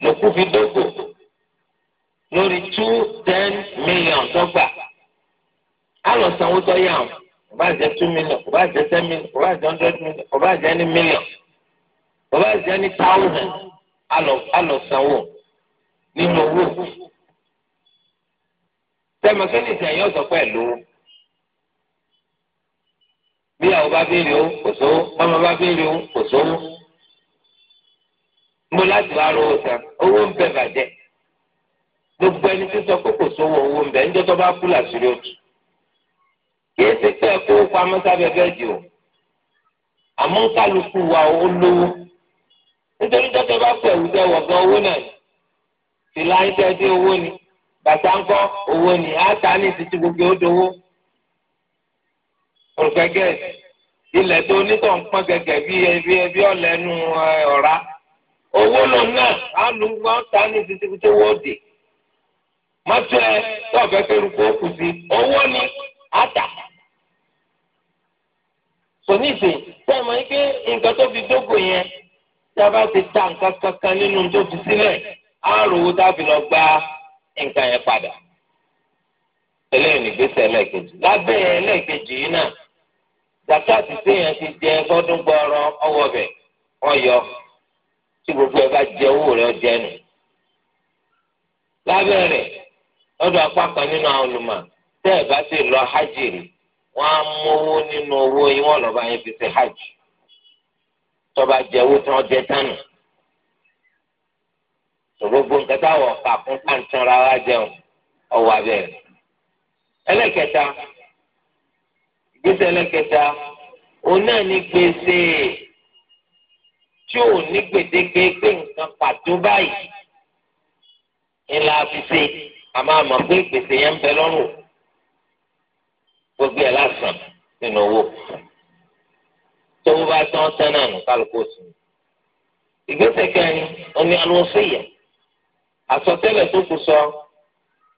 lókù fi dógò lórí two ten million tó gbà á lọ sanwó tó yà wọn kò bá jẹ two million kò bá jẹ ten million kò bá jẹ hundred million bá jẹ any million bá jẹ any thousand á lọ sanwó nínú owó tẹmọkẹ́ni ìsẹ̀yìn ọ̀sọ̀ pẹ̀lú bí àwọn bá béèrè o kò sówó ọmọ bá béèrè o kò sówó mo láti wá rówó san owó ń bẹ bàjẹ́ gbogbo ẹni tó sọ pé kò sówó owó ń bẹ ń jẹ́ tó bá kú làṣírí òtù kìí ṣe pé ẹ kó pamọ́ sábẹ́ bẹ́ẹ̀dì o àmọ́ kálukú wa ó lówó nítorí tó tẹ bá pẹ̀lú tẹ wọ̀ owó náà ìlà ń tẹ́ sí owó ni bàtà ń kọ́ owó ni á ta ní títí gbogbo ó dowó. olùkẹ́kẹ́ ilẹ̀ tó onítọ̀ ń pọ́n gẹ́gẹ́ bí ẹbí ẹbí ọ̀lẹ́nu ọ̀rá owó lòun náà á lu wọn ta ní títí tó wó dé. mọ́tò ẹ tó ọ̀fẹ́ kó kù sí owó ni á tà. sọ̀nìsì tẹ́ ẹ mọ̀ ní pé nǹkan tó fi dógò yẹn tí a bá ti ta nǹkan kankan nínú tó fi sílẹ̀. àrùn owó tábì lọ gbá nǹkan yẹn padà eléyìí ní gbèsè ẹlẹ́ẹ̀kejì lábẹ́ ẹlẹ́ẹ̀kejì yìí náà zakati téèyàn ti jẹ fọdún gbọrọ ọwọ́ bẹ̀ wọ́n yọ tí gbogbo ẹ bá jẹ owó rẹ̀ jẹ nù lábẹ́ lọ́dọ̀ kan nínú àwọn olùmọ̀ tẹ́ lọ hajj rí á nínú owó hajj tọ́ba jẹ owó tí wọ́n gbogbo nǹkan táwọn ọ̀ka fún pàǹtàn rárá jẹun ọwọ́ abẹ́rẹ́. ẹlẹ́kẹta ìgbésẹ̀ ẹlẹ́kẹta òun náà ní gbèsè tí ò ní gbèdéke pé nǹkan pàtó báyìí ńlá fi ṣe àmọ́ àmọ́ pé gbèsè yẹn ń bẹ lọ́rùn gbogbo ẹ̀ lásán nínú owó tó bá tán tán náà kálukú sí i ìgbésẹ̀ kẹrin òun ni alùpùpù yẹn àsọtẹ́lẹ̀ tó kù sọ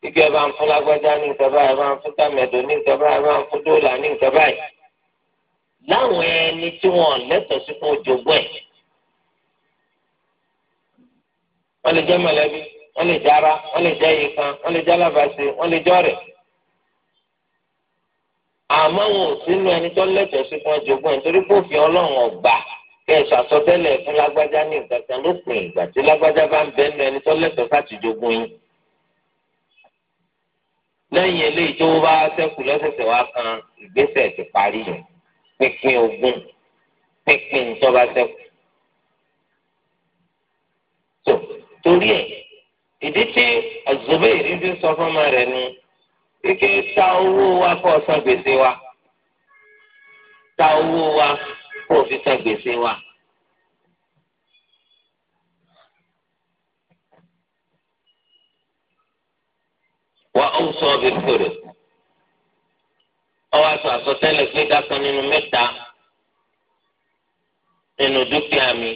ike ẹ bá ń fún lágbájá ní nǹkan báyìí ẹ bá ń fún tàmẹdò ní nǹkan báyìí ẹ bá ń fún dóòlà ní nǹkan báyìí láwọn ẹni tí wọ́n lẹ́tọ̀ọ́ sí fún ojogbo ẹ wọ́n lè jẹ́ mọ̀lẹ́bí wọ́n lè jẹ́ ara wọ́n lè jẹ́ ìkan wọ́n lè jẹ́ alábàáṣe wọ́n lè jẹ́ ọ̀rẹ́ àmọ́ wọn ò sínú ẹni tó lẹ́tọ̀ọ́ sí fún ojogbo ẹ nítorí pé òfin Ọlọ́run ọgbà kí n ṣàsọtẹ́lẹ̀ fún lágbájá ní nǹkan kan lópin ìgbà tí lágbájá bá ń bẹnu ẹni tó lẹ́tọ̀ọ́ láti jogún yín lẹ́yìn eléyìí tó bá ṣẹ́kù lọ́sẹ̀sẹ̀ wá kan ìgbésẹ̀ ti parí yẹn pínpín ogún pínpín tó bá ṣẹ́kù. tó torí ẹ̀ ìdí tí àzùbẹ́ ìrírí sọ fún ọmọ rẹ̀ ni kékeré ta owó wa kọ́ ọ̀sán gbèsè wa ta owó wa kó o fi san gbèsè wa. wà ó sọ ọbẹ̀ fèrè ọwọ́ aṣọ àsọtẹ́lẹ̀ pé dákan nínú mẹ́ta nínú dúkìá mi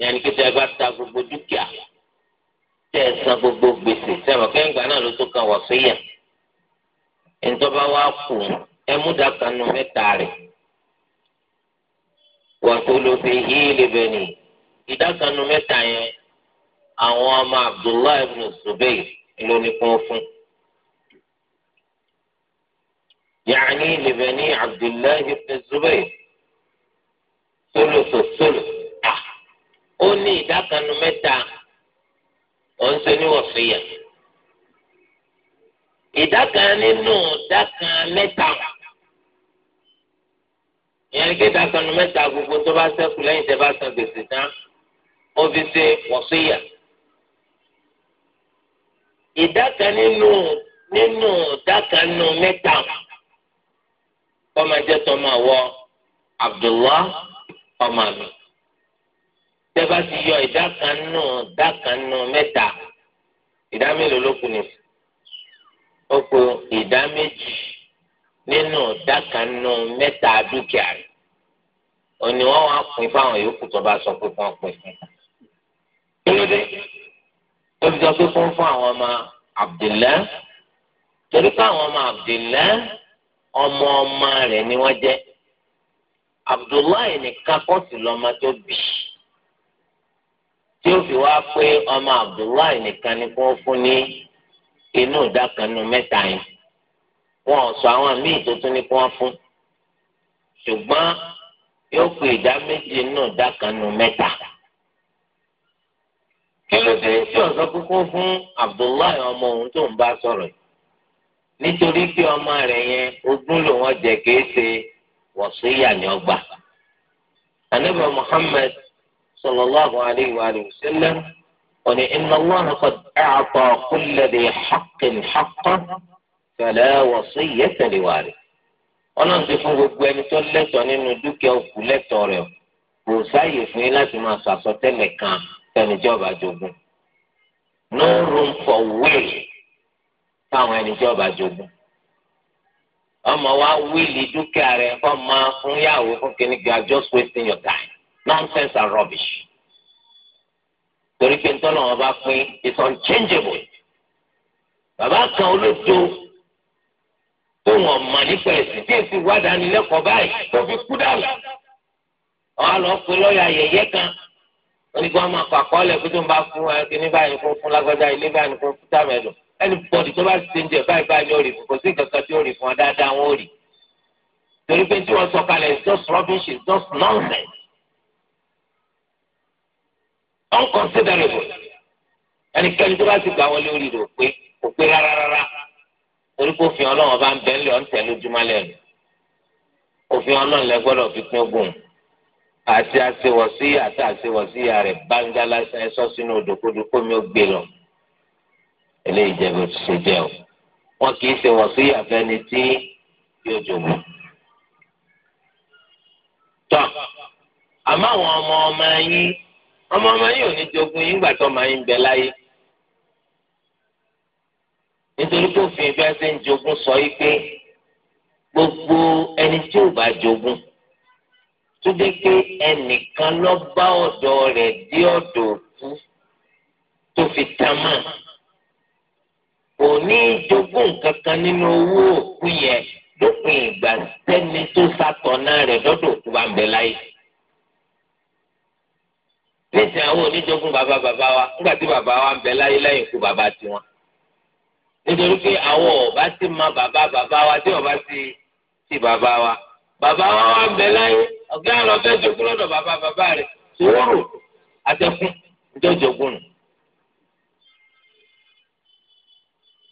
yẹn ni kíkẹ́ bá ta gbogbo dúkìá tẹ́ ẹ san gbogbo gbèsè sẹ́wọ̀n kẹ́ńgbà náà ló tó kan wọ̀ sí yẹn ìjọba wa kù ẹ mú dákan nínú mẹ́ta rẹ̀. وثلثه لبني إذا كانوا متعين àwọn ọmọ abdullahi ibn zubair ló ní kún fún. yàní libani abdullahi ibn zubair sólùsò sólù ó ní ìdákanu mẹ́ta òun ṣe ní wọ̀síyà ìdákan nínú ìdákan mẹ́ta wà ìyẹn ní kéka kanu mẹ́ta gbogbo tó bá ṣẹ́kù lẹ́yìn tẹ́ bá san gbèsè tán ó fi ṣe wọ̀síyà. ìdá kan nínú nínú ìdá kan nínú mẹ́ta kọ́mọdé tọmọ wọ Abdullah ọmọ mi tẹ́ bá ti yọ ìdá kan nínú ìdá kan nínú mẹ́ta ìdá mélòó ló kù ní ó kù ìdá méjì nínú dákanu mẹ́ta dúkìá rẹ̀ òní wọn wá pín fáwọn yòókù tó bá sọ pé fún ọpin fún kí ló dé tó fi sọ pé fún fún àwọn ọmọ Abdullah torí pé àwọn ọmọ Abdullah ọmọ ọmọ rẹ̀ ni wọ́n jẹ́ Abdullahi nìkan kọ́ sí lọ́mọ tó bí tí ó fi wá pé ọmọ Abdullahi nìkan ni kò fún ní inú ìdákanu mẹ́ta yẹn. wọn ò sọ àwọn míì tó tún ní kí wọ́n fún ṣùgbọ́n yóò pè ìdá méjì nù ìdá kan nù mẹ́ta kí ló Abdullahi ọmọ òun tó ń bá sọ̀rọ̀ nítorí pé ọmọ rẹ̀ yẹn ogún ló wọ́n ọgbà anabi Muhammad sallallahu alayhi wa sallam ó ní inna Allaha qad a'ta fẹlẹ wọsọ ìyẹtẹlẹ wà rẹ Ọlọ́run ti fún gbogbo ẹni tó lẹ́tọ̀ọ́ nínú dúkìá òkú lẹ́tọ̀ọ́ rẹ̀ kò sáàyè fún yín láti máa sọ àsọtẹ́lẹ̀ kan tẹni tí ọba no room for will fáwọn ẹni tí ọba jogún ọmọ wa wíìlì dúkìá rẹ̀ kọ máa fún yàwó fún kínní gba just wasting your time nonsense and rubbish torí pé ntọ́nà wọn bá pín it's unchangeable bàbá kan olódo tó wọn mọ nípa ẹ̀sìn tí èsì wá dánilẹ́kọ̀ọ́ báyìí tó fi kú dànù wọn á lọ pe lọ́ọ̀yà yẹ̀yẹ́ kan wọn ni kí wọn tó ń bá fún ẹni ní báyìí fún fún lágbájá ilé báyìí fún fún tàmẹ́lò ẹni bọ́ọ̀dì tó bá ti ń jẹ báyìí báyìí ni ó rì fún kò sí kankan tí ó rì fún ọ wọn ó rì torí pé tí wọ́n sọ kalẹ̀ is just rubbish is just nonsense unconsiderable ẹnikẹ́ni tó bá ti gbà wọlé orí rẹ̀ pé kò pé rárá torí pé òfin ọlọ́run bá ń bẹ́ ńlẹ̀ ọ̀ǹtẹ̀ lójúmọ́ lẹ́nu òfin ọlọ́run lẹ gbọ́dọ̀ fi pín ogun àti àṣewọ̀sí àti àṣewọ̀sí rẹ̀ báńgá lásán ẹ̀sọ́ sínú òdòkodò kó mi ó gbé lọ eléyìí jẹ́ bó ti ṣe jẹ́ o wọn kì í ṣe wọ̀sí àfẹni tí yóò jòwó. tọ́ àmọ́ àwọn ọmọ ọmọ yín ọmọ ọmọ yín ò ní jogún yín gbàtọ́ ọmọ yín bẹ láyé nítorí tó fi bí wọ́n ṣe ń jogún sọ yìí pé gbogbo ẹni tí ò bá jogún tó dé pé ẹnìkan lọ bá ọ̀dọ̀ rẹ̀ dé ọ̀dọ̀ òkú tó fi tamá kò ní jogún kankan nínú owó òkú yẹn lópin ìgbà sẹ́ni tó sàtọ̀nà rẹ̀ lọ́dọ̀ òkú bá ń bẹ láyé nísìnyí àwọn oníjogún bàbá bàbá wa nígbà tí bàbá wa ń bẹ láyé lẹ́yìn ikú bàbá tiwọn nítorí pé àwọn ọba ti ma bàbá bàbá wa tí ọba ti ti bàbá wa bàbá wa wà ń bẹ láyé ọgá àlọ fẹẹ jogún lọ́dọ̀ bàbá bàbá rẹ sòwòrò àtẹkùn ìjọ jogún nù.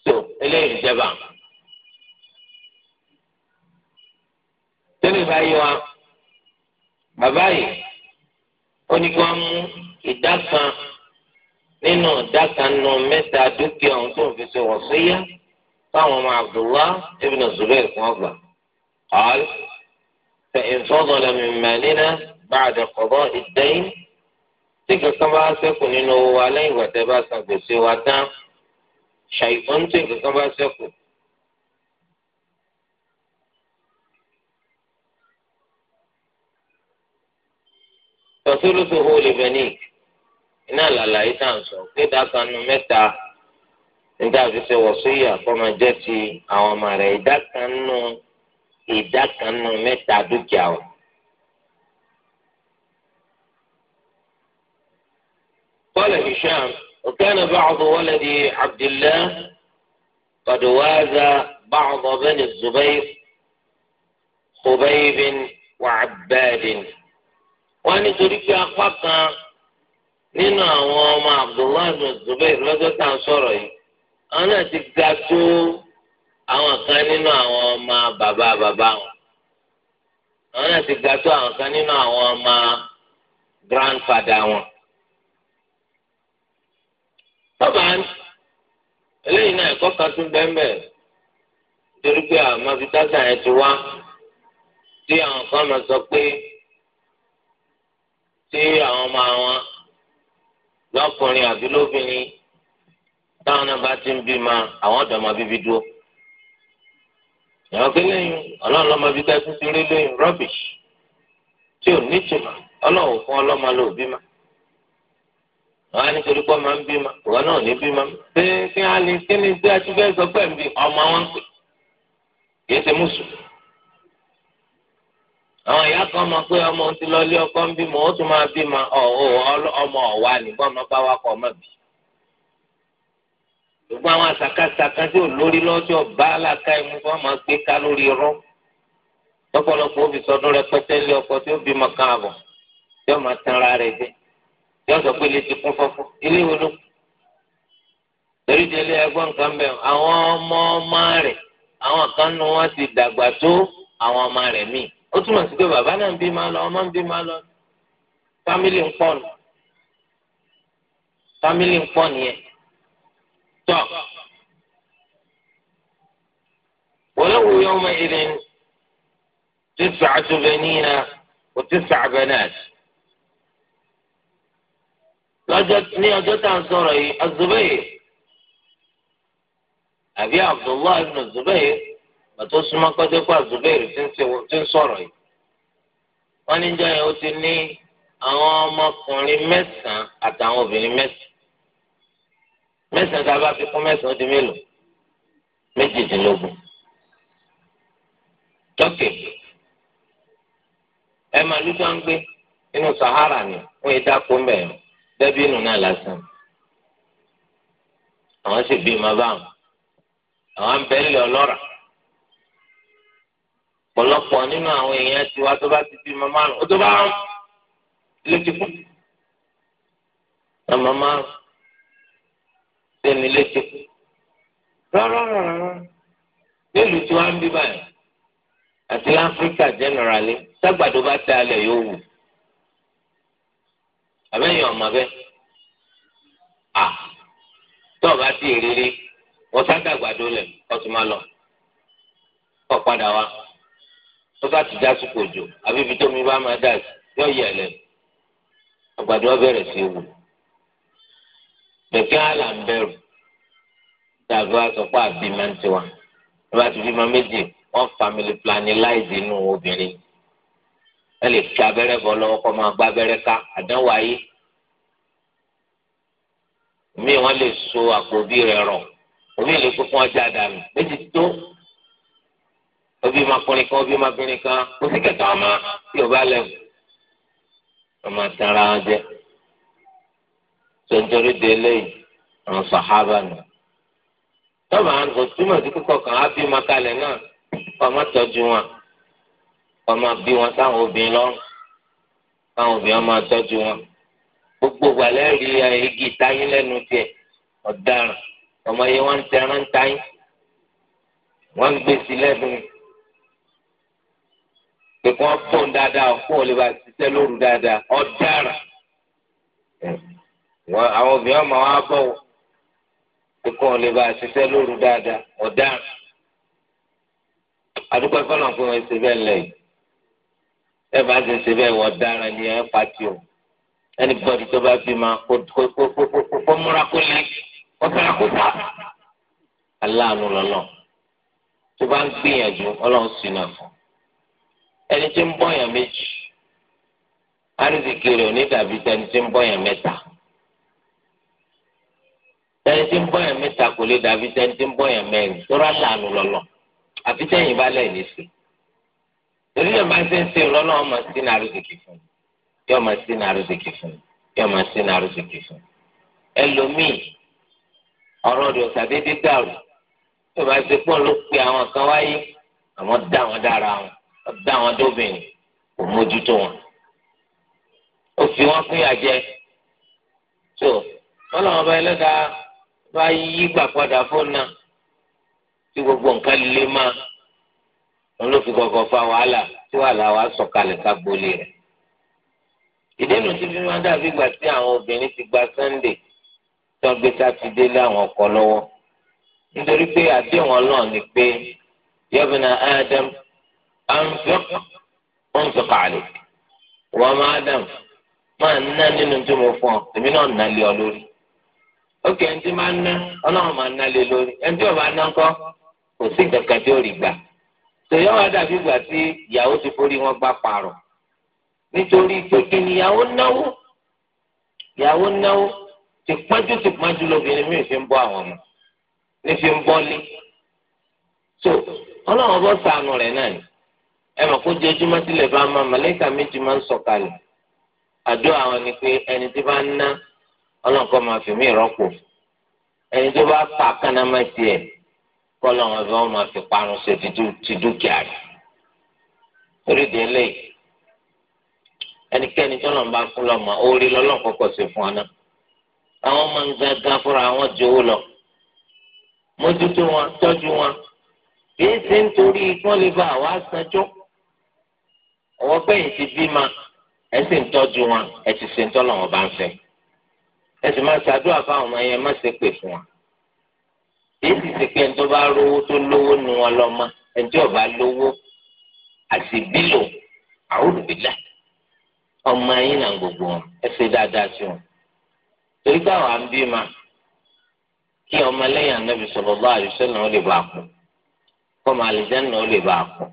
tó eléyìí jẹba tẹ́lẹ̀ bá yí wa bàbá yìí ó ní kí wọ́n mú ìdá kan nínú ìdákanu mẹ́ta dúkìá ohun tó ń fi ṣe wọ̀síyá fáwọn ọmọ Abdullah ibn Zubair fún ọgbà. قال فإن فضل من مالنا بعد قضاء الدين tí kankan bá ṣẹ́kù nínú wa lẹ́yìn ìgbà bá san gbèsè wa tán ṣàìfọ́n tí kankan bá ṣẹ́kù. tọ́sílùsù hó lè bẹ̀ ní ìkí iná làlàyé tá à ń sọ pé dákanu mẹ́ta níta fi ṣe wọ̀síyà fọmọ jẹ́ ti àwọn ọmọ rẹ̀ ìdákanu ìdákanu mẹ́ta dúkìá wọn. قال هشام وكان بعض ولد عبد الله قد واذى بعض بني الزبير خبيب وعباد ونترك أخاك nínú àwọn ọmọ abdullahi bin zubair lọ́jọ́ tá à ń sọ̀rọ̀ yìí àwọn náà ti ga tó àwọn kan nínú àwọn ọmọ bàbá bàbá wọn àwọn náà ti ga tó àwọn kan nínú àwọn ọmọ grandfada wọn. tọ́ba eléyìí náà ẹ̀kọ́ kan tún bẹ́ẹ̀ nítorí pé àwọn mafitasa yẹn ti wá tí àwọn kan máa sọ pé tí àwọn ọmọ àwọn. lọkùnrin àbí lóbìnrin táwọn náà bá ti ń bí ma àwọn ọ̀dọ́ máa bíbí dúró ìyàwó kẹlẹ́ yìí ọlọ́run lọ́mọ bíi dájú ti rí lóyún rubbish tí ò nítumọ̀ ọlọ́run fún ọlọ́mọ ló bí ma wọn á nítorí pé ọmọ ń bí ma ìwọ náà ní bí ma ṣé kí á lè kí ni bí a ti fẹ́ sọ pé ń bí ọmọ wọn pè kì í ṣe mùsùlùmí àwọn ìyá kan máa pé ọmọ ti lọ lé ọkọ ń bímọ ó tún máa bímọ ọmọ ọ̀wà nìkan ọmọ bá wà kọ́ ọmọ bì. gbogbo àwọn àsàkàsàkà tí ò lórí lọ́jọ́ bá aláka ẹ̀mú fún ọmọ gbé ká lórí irọ́ lọ́pọ̀lọpọ̀ òbí sọdún rẹpẹtẹ lé ọkọ tí ó bímọ kan àbọ̀ tí ọmọ tanra rẹ̀ jẹ tí wọ́n sọ pé ilé ti kún fọ́fọ́ ilé wo ló torí délé ẹgbọ́n nǹkan bẹ́ẹ̀ àwọn ọmọ ọmọ rẹ̀ àwọn kan nu wọn ti dàgbà tó àwọn ọmọ rẹ̀ míì ó túmọ̀ sí pé bàbá náà ń bí máa lọ ọmọ ń bí máa lọ fámìlì ń pọ̀ nù fámìlì ń pọ̀ nìyẹn tọ́ wọ́lọ́wọ́ yọmọ ìrìn tẹ̀sán àtúbẹ̀nìyà kò tẹ̀sán àbẹ̀nàdì lọ́jọ́ ní ọjọ́ tá à ń sọ̀rọ̀ yìí az àbí Abdullahi ibn az pàtó súnmọ́ pẹ́ẹ́pẹ́ àzùbẹ́rì tí ń sọ̀rọ̀ yìí wọ́n ní jẹ́ yẹn ó ti ní àwọn ọmọkùnrin mẹ́sàn-án àtàwọn obìnrin mẹ́sàn-án mẹ́sàn-án tá a bá fi kún mẹ́sàn-án di mélòó méjìdínlógún lókè ẹ máa lùdọ́ ń gbé inú Sahara ni wọ́n yẹ dáko ń bẹ̀ yẹn dẹ́bí inú náà lásán àwọn sì bí ma bá wọn àwọn abẹ́lẹ̀ ọlọ́ràá. ọ̀pọ̀lọpọ̀ nínú àwọn èèyàn ti wá tó bá ti bímọ márùn ó tó bá rún lé ti kú lé ti kú rárá rárá nílùú tí wá ń bí báyìí àti láfíríkà jẹ́nẹ̀rálì ságbàdo bá tẹ alẹ̀ yóò wù àbẹ́yìn bẹ́ẹ̀ bá ti wọ́n sá dàgbàdo lẹ̀ lọ ọ̀ padà wá. tó bá ti já sùkò jò àbí ibi tó mi bá máa dà sí yọ yẹ lẹ́nu àgbàdo ọbẹ̀rẹ̀ sí wù bẹ̀kẹ́ àlà ń bẹ̀rù tàbí wàá sọ pé àbí máa ń tiwa tó bá ti fi máa méjì wọ́n family planiláìsì inú obìnrin ẹ lè fi abẹ́rẹ́ bọ́ lọ́wọ́ kọ́ máa gbá abẹ́rẹ́ ká àdánwò ayé mi wọ́n lè so àpò bí rẹ̀ rọ̀ omi lè kó fún ọjà dànù méjì tó òbí makùnrin kan òbí makùnrin kan kò sí kẹta ọmọ tí o bá lẹ́wọ̀n ọmọ tara wọn jẹ sọjọrí de eléyìí àwọn sàhábà nù tọ́ba àwọn kò túmọ̀ sí kíkọ́ kan á bí makalẹ̀ náà ọmọ tọ́jú wọn ọmọ bí wọn sáwọn obìnrin lọ́rùn káwọn obìnrin máa tọ́jú wọn gbogbo wàlẹ́ rí igi táyín lẹ́nu tiẹ̀ ọ̀daràn ọmọ yẹn wọ́n tẹran táyín wọ́n gbèsè lẹ́nu pé kí wọ́n pọ̀ ń dáadáa kó o lè bá ṣiṣẹ́ lóru dáadáa ọ̀daràn. àwọn obìnrin ọmọ wa bọ̀ pé kí wọ́n lè bá ṣiṣẹ́ lóru dáadáa ọ̀daràn. àdúgbò ẹ̀fọ́ náà fún wọn ṣe bẹ́ẹ̀ lẹ́yìn. ẹ bá ṣe ṣe bẹ́ẹ̀ wọ́n dára ni ẹ pàtì o. ẹnìbọ̀dì tó bá fi máa kó kó múra kó lé kó fẹ́ràn kó sá. aláàánú lọ́nà tó bá ń gbìyànjú ọlọ́run sì náà fún un ẹni tí ń bọ̀yàn méjì arizikiri onídàbí tẹni tí ń bọ̀yàn mẹ́ta tẹni tí ń bọ̀yàn mẹ́ta kò lè dàbí tẹni tí ń bọ̀yàn mẹ́rin tó rà lànà lọ́lọ́ àfi tẹ̀yìn bá lẹ̀ ní sí torí ẹ̀ máa ń ṣe ń ṣe ìrọ́lọ́ ọmọ sí ní arizikiri fún mi yóò sí ní arizikiri fún mi yóò sí ní arizikiri fún ẹlòmíì ọ̀rọ̀ rẹ̀ ọ̀sàdédé dàrú tó máa ṣe pọ́n ló pe àwọn kan wáyé àwọn dá wọn dára wọn ọ̀dá àwọn dóbìnrin kò mójútó wọn ó fi wọn fún ìyà jẹ tó wọn làwọn ọba ẹlẹ́dàá bá yí gbà padà fóònù náà tí gbogbo nǹkan lè má wọn ló fi gbọgbọ fa wàhálà tí wàhálà wa sọ̀kalẹ̀ ká gbolé rẹ̀ ìdẹ́nu ti fi máa dàbí ìgbà tí àwọn obìnrin ti gba Sunday tó gbé sátidé láwọn ọkọ lọ́wọ́ nítorí pé àdéhùn Ọlọ́run ni pé yọ́bìnà Adam anfiq unfiq alayk wọ́n máa dàn máa ná nínú tí mo fọ́ èmi náà ná lé ọ lórí ókè ẹni tí máa ná ọlọ́run máa ná lé lórí ẹni tí ò bá ná ńkọ́ kò sí nǹkan kan tí ó rí gbà tòyọ́ wa dàbí ìgbà tí ìyàwó ti forí wọn gbá parọ̀ nítorí pé kí ni ìyàwó náwó ìyàwó náwó ti pọ́njú ti pọ́njú lóbìnrin mi fi ń bọ́ àwọn ọmọ ní fi ń bọ́lé so ọlọ́run bọ́ sànù rẹ̀ náà ni ẹ mọ̀ kó jọjúmọ́ sílẹ̀ bá máa màlẹ́kà méjì máa ń sọ̀kalẹ̀ àdúrà àwọn ni pé ẹni tí bá ń ná ọlọ́nkọ́ máa fi mí rọ́pò ẹni tó bá pa kánámẹ́sì ẹ̀ kọ́ lọ́wọ́n bí wọ́n máa fi parun ṣe ti dúkìá rẹ̀ torí di eléyìí ẹnikẹ́ni tó lọ́n bá fún lọ́mọ orí lọ́lọ́n kọ́kọ́ ṣe fún ọ náà àwọn máa ń gángan fúnra wọn ju owó lọ mójútó wọn tọ́jú wọn kì í ṣe nítorí kí wọ́n lè bá àwa sanjọ́ ọwọ́ pẹ́yìn ti bí ma ẹ sì ń tọ́jú wọn ẹ ti ṣe ń tọ́lọ̀ wọn bá ń fẹ́ ẹ sì máa ṣàdúrà fáwọn ọmọ yẹn má ṣe pè fún wọn èyí sì ṣe pé ẹni tó bá rówó tó lówó nu wọn lọ́mọ ẹni tí ò bá lówó àti bílò àwòrán ọmọ yín náà gbogbo wọn ẹ ṣe dáadáa sí wọn torí káwọn à ń ma kí ọmọ lẹ́yìn anábì sallallahu alaihi wasallam ó lè bá a kú kọ́mọ àlùjánnà ó lè bá a kú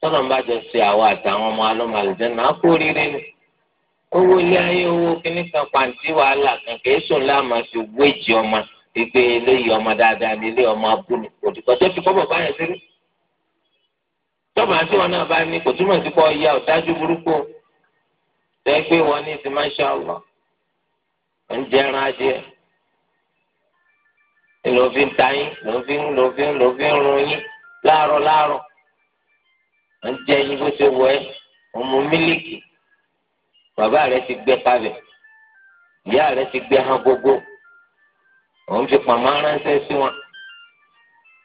tọ́nà bá jọ ṣe àwọn àtàwọn ọmọ alọ́mọ àlùjẹ́nà á kó rírẹ́ ni owó ilé ayé owó kíní kan pàǹtí wàhálà kan kìí sùn láàmà sí wéjì ọmọ gbígbé eléyìí ọmọ dáadáa ní ilé ọmọ abúlé òdìkọjọ́ ti kọ́bọ̀ báyẹn sí rí tọ́ba àti wọn náà bá ní kò túmọ̀ sí kọ́ ya ọ̀dájú burúkú tẹ́ pé wọn ní ti máa ṣe ọ̀lọ́ ń jẹran adìẹ ló fi ń ta yín ló fi ń ló fi ń ló fi ń run yín láàárọ̀ láàárọ̀ ń jẹ yín bó ṣe wọ ẹ ọmọ mílíkì bàbá rẹ ti gbẹ kalẹ̀ ìyá rẹ ti gbẹ hàn gbogbo òun fi pàmò aránṣẹ́ sí wọn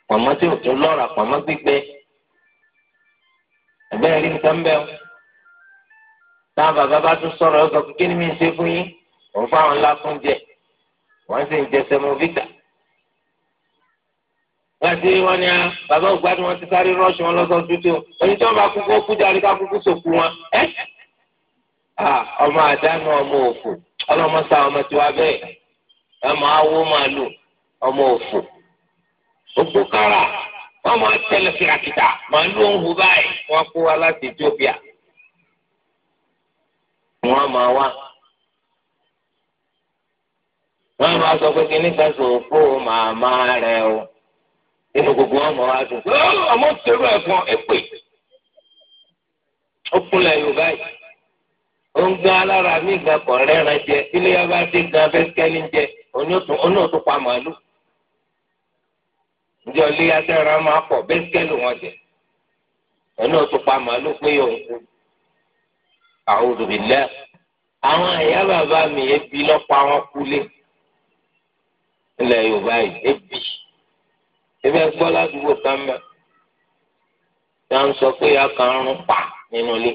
pàmò tí ò tún lọ́ra pàmò gbígbẹ ẹgbẹ́ rí nǹkan bẹ́ẹ̀ o táwọn bàbá bá tún sọ̀rọ̀ ọ̀sọ̀ kí ni mi ń ṣe fún yín òun fáwọn ńlá fún jẹ wọ́n sì ń jẹ sẹ́mu vita tí wọ́n ní bàbá ògbà tí wọ́n ti sáré rọ́ọ̀ṣì wọn lọ́sọ̀ tútù oní tí wọ́n bá kúkú kú jáde ká kúkú sòkú wọn. ọmọ àdánù ọmọ òfò ọlọmọ sá ọmọ tí wàá bẹ́ẹ̀ ẹ máa lò ọmọ òfò. òkú kára wọn máa tẹlẹ máa inú gbogbo wọn mọ̀ wá dùn pé ọmọ tẹ̀rù ẹ̀fọn ẹ̀pẹ̀ ó kúnlẹ̀ yorùbá yìí ó ń gbá alára mi gan kọ̀ rẹ́ran jẹ ilé yaba dé gan fẹ́sikẹ́lì jẹ oní òtún pa màálù ǹjẹ́ ilé yàtẹ̀ra máa pọ̀ fẹ́sikẹ́lì wọn jẹ oní òtún pa màálù pé yòó kú a'udhu billah àwọn àyà bàbá mi ebi lọ́pọ̀ àwọn kúlé ilẹ̀ yorùbá yìí ebi ebi ẹgbọ́ ládùúgbò kan mẹ́ ya à ń sọ pé ìyá kan rún pa nínú ilé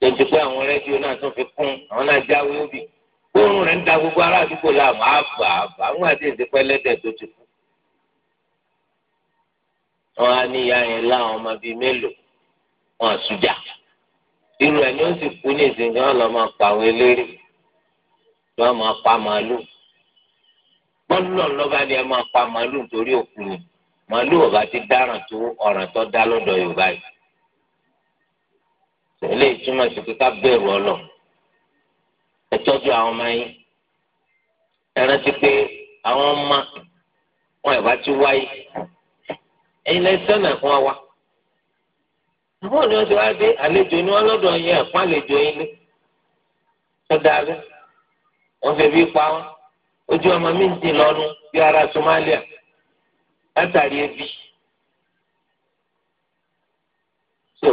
tètè pé àwọn rédíò náà tún fi kún àwọn náà jáwé òbí oorun rẹ̀ ń da gbogbo ará àdúgbò láàmú àbà àbà àwọn àti ìdípẹ́ lẹ́dẹ̀ tó ti kú. wọ́n á ní ìyá yẹn láwọn ọmọ bíi mélòó wọn àsújà irú ẹ̀ ni ó sì kú ní ìsìnkú wọn lọ́ọ́ máa pa àwọn eléré wọ́n máa pa màálù ọlọ́run lọ́ba ni ẹ máa pa màálù nítorí òkú ni màálù ọba ti dáràn tó ọ̀ràn tó dá lọ́dọ̀ yorùbá yìí tẹ̀lé ìtumọ̀ sí pé ká bẹ̀rù ọlọ ẹ tọ́jú àwọn ọmọ yín ẹ rántí pé àwọn ọmọ wọn ìbá ti wáyé ẹ̀yin lẹ sẹ́nà fún wa wá àwọn ni wọ́n ti dé àlejò ni wọ́n lọ́dọ̀ yẹn ẹ̀pọ́n àlejò yín lé tó lé wọ́n fi pa wọn ojú ọmọ mi ń dín lọ́nu bí ara Somalia látàrí ebi so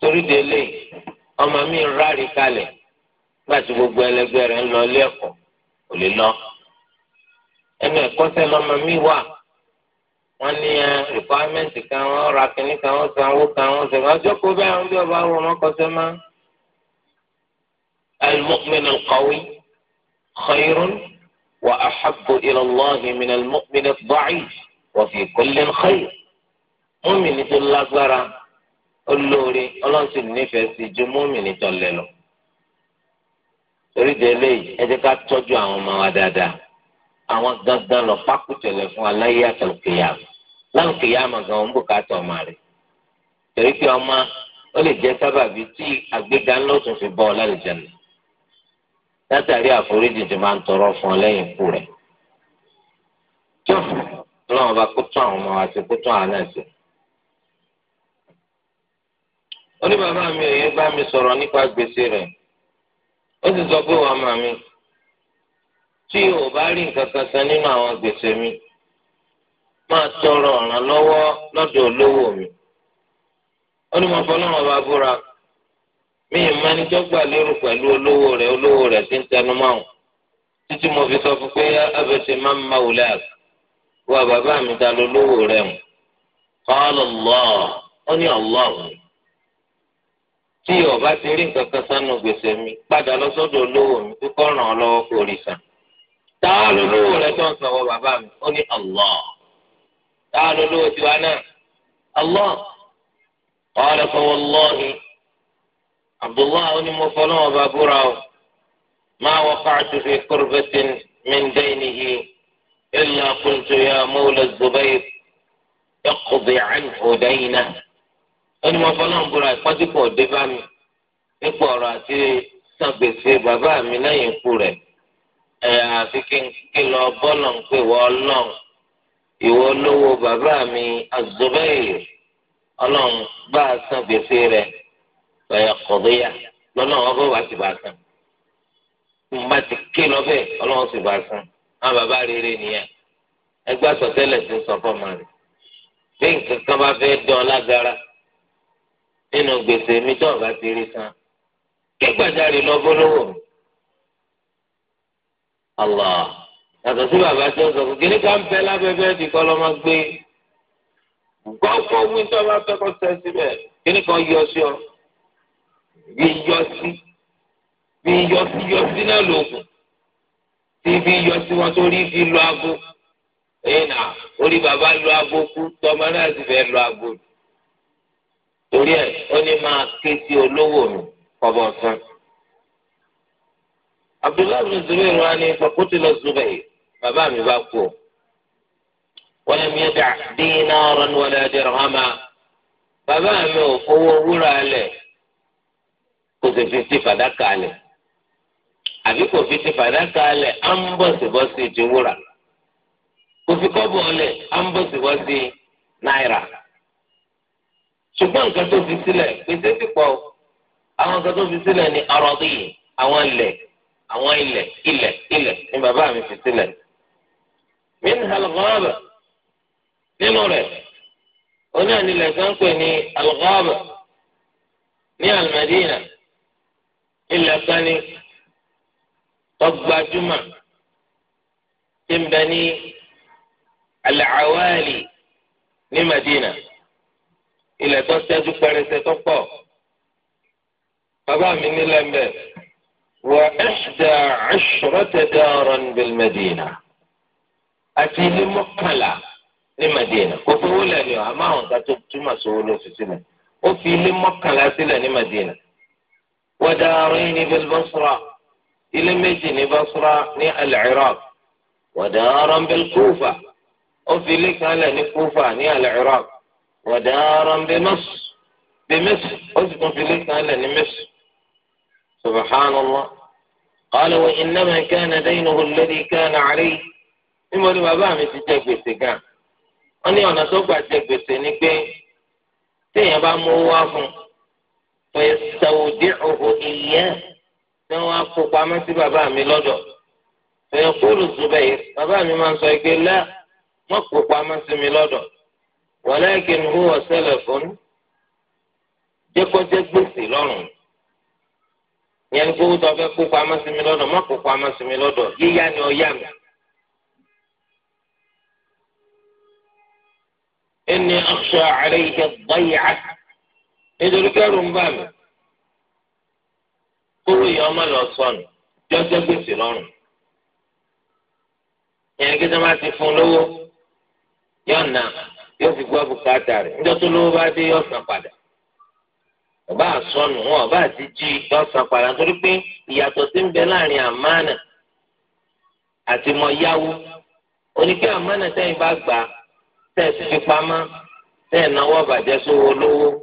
torí délé ọmọ mi ń rárí kalẹ̀ láti gbogbo ẹlẹgbẹ́ rẹ̀ ń lọ ilé ẹ̀kọ́ kò lè lọ ẹnu ẹ̀kọ́ sẹ́ lọ́mọ mi wà wọ́n ní rìkwámẹ́ǹtì kan wọ́n ra kínní kan wọ́n sanwó kan wọ́n sẹ̀wọ́n ọjọ́ kó bẹ́ẹ̀ àwọn bí ọba wọn wọ́n kọsẹ́ máa. المؤمن القوي خير وأحب إلى الله من المؤمن الضعيف وفي كل خير مؤمن تلاغبرا olóore ọlọ́sì nífẹ̀ẹ́ sí ju mọ́mìnì tán lẹ lọ. torí délé yìí ẹ jẹ́ ká tọ́jú àwọn ọmọ wa dáadáa àwọn gangan lọ pákútẹ̀lẹ̀ fún aláyé àtàlùkìyàmù lálùkìyàmù gan ọ̀hún bùkátà ọmọ rẹ̀. torí pé ọmọ ó lè jẹ́ sábàbí tí àgbéga ńlọ́sùn fi bọ́ ọ lálùjẹ̀nù. látàrí àforíjì tí máa ń tọrọ fún ọ lẹ́yìn ikú rẹ̀. ọlọ́run bá kó àwọn ọmọ kó àwọn mi bá mi sọ̀rọ̀ nípa gbèsè rẹ̀ ó sì sọ pé wàá màmí tí o bá rí nǹkan kan san nínú àwọn gbèsè mi máa tọrọ ọ̀ràn lọ́wọ́ lọ́dọ̀ olówó mi. ó ní mo ọba búra. mí ìmánijọ́ gbà lérò pẹ̀lú olówó rẹ̀ olówó rẹ̀ ti ń tẹnu mọ́ àwọn títí mo fi sọ fún pé abẹ́sẹ̀ máa ń ma wòlé àgbà wà bàbá mi ta ló lówó rẹ̀ mu kọ́ọ̀lù lọ́ ọ ní ọlọ́run tí ọba ti rí nǹkan kan sánú gbèsè mi padà lọ olówó mi tó kọ́ ràn án lọ́wọ́ kó rí san táà ló lówó rẹ̀ tó ń sanwó bàbá mi ó ní ọlọ́ táà ló lówó tiwa náà ọlọ́ ọ̀rẹ́ fọwọ́ lọ́ọ̀hìn. abdullahi oní mo fọlọ́wọ́n bá búra o máa wọ káàtì fi kúrbẹ́tìn mẹ́ndẹ́ẹ̀nìhì ilà kùntù ya mọ́wùlẹ̀ zubair ẹ̀kọ́bẹ̀ àìfọ̀dẹ́yìnà oní mo fọlọ́wọ́n búra ìpàdípọ̀ dé bá mi nípa ọ̀rọ̀ àti san gbèsè bàbá mi lẹ́yìn ikú rẹ̀ ẹ̀ àfi kí n lọ bọ́ọ̀lù ń pè wọ́ ọlọ́run ìwọ olówó bàbá mi azubair ọlọ́run bá a san rẹ̀ ẹ̀yà kọ̀déyà lọ́nà ọgbọ́n wa ti bá a sàn tí mo bá ti ké lọ́fẹ̀ ọlọ́run sì bá a sàn àwọn bàbá rere nìyẹn ẹgbẹ́ àsọtẹ́lẹ̀ ti ń sọ fọ́ọ̀mù rẹ̀ bí nǹkan kan bá fẹ́ dán ọ lágara nínú gbèsè mi tó ọba ti rí san kẹgbàjáre lọ bólówó Allah yàtọ̀ sí bàbá tó sọ fún kíní ká ń bẹ lábẹ́bẹ́ di kọ́ lọ́mọ gbé gbọ́ fún wíńtọ́ bá fẹ́ kọ́ sẹ́ síbẹ̀ kíní kan yọ sí ọ bí yọ sí bí yọ sí yọ sí náà lóògùn tí bí yọ sí wọn tó rí fi lọ aago ẹ̀yìn náà orí bàbá lọ aago kú tọmọ náà sì fẹ́ lọ aago torí ẹ̀ ó ní máa ké sí olówó mi kọ́bọ̀ sàn. Abdullahi bin Zubair wa ni fakuti lọ Zubair bàbá mi bá kú o. wọ́n lè mi dín náà rán wọlé dirhama bàbá mi ò fowó wúrà lẹ̀. kò sì fi sí fàdákà lẹ̀ àbí kò fi sí fàdákà lẹ̀ á ń bọ̀sibọ́sì ti wúrà kò fi kọ́bọ̀ lẹ̀ á ń bọ̀sibọ́sì náírà ṣùgbọ́n nǹkan tó fi sílẹ̀ pèsè ti pọ̀ àwọn nǹkan tó fi sílẹ̀ ni ọ̀rọ̀dì àwọn ilẹ̀ àwọn ilẹ̀ ilẹ̀ ilẹ̀ ni bàbá mi fi sílẹ̀ min alghaba nínú rẹ̀ oní ànilẹ̀ kan pè ní alghaba ní ilẹ̀ kan ní tọ́gbàjúmọ̀ tí ń bẹ ní alàwáàlì ní Madina ilẹ̀ tó ṣẹ́jú pẹrẹsẹ tó pọ̀ bàbá mi nílẹ̀ ń bẹ wà ẹ̀ṣdà ẹ̀ṣrọ̀tẹ̀dọ̀rọ̀n bí Madina àti ilé mọ́kànlá ní Madina kò fowó lẹ́nu àmọ́ àwọn kan tó túmọ̀ sówó ló ó fi ilé mọ́kànlá sílẹ̀ ní Madina. ودارين بالبصرة إلى مجن بصرة العراق ودارا بالكوفة وفي لك على الكوفة ني العراق ودارا بمصر بمصر أذكر في لك على مصر سبحان الله قال وإنما كان دينه الذي كان عليه إما لما بامي تجيب كان أني أنا سوف أجيب بسي كي تيبا مواف فيستودعه إياه سوى أفق ما سببا من لدو فيقول الزبير بابا ما سيك لا ما أفق ما سمي لدو ولكن هو سلف jẹ́kọ́ jẹ́ gbèsè lọ́rùn yẹn ní kówó tó ọbẹ̀ kó pamọ́ sí mi lọ́dọ̀ má kó pamọ́ sí mi lọ́dọ̀ yíyá ni ọ̀yá mi. إني أخشى عليك الضيعة nítorí kẹrù ń bà mi kówó ìyá ọmọ lọ sọnù bí ọjọ́ gbèsè lọrùn ìyẹn kí sọ́mà ti fún lówó yóò fi bùkátà tó lówó bá ọba àsọnù ọba àti jí san padà nítorí pé ìyàtọ̀ ń bẹ láàrin àmánà àti mọ yáwó oníkẹ́ àmánà tẹ́yìn bá gbà tẹ́ẹ̀ sì fi pamọ́ tẹ́ẹ̀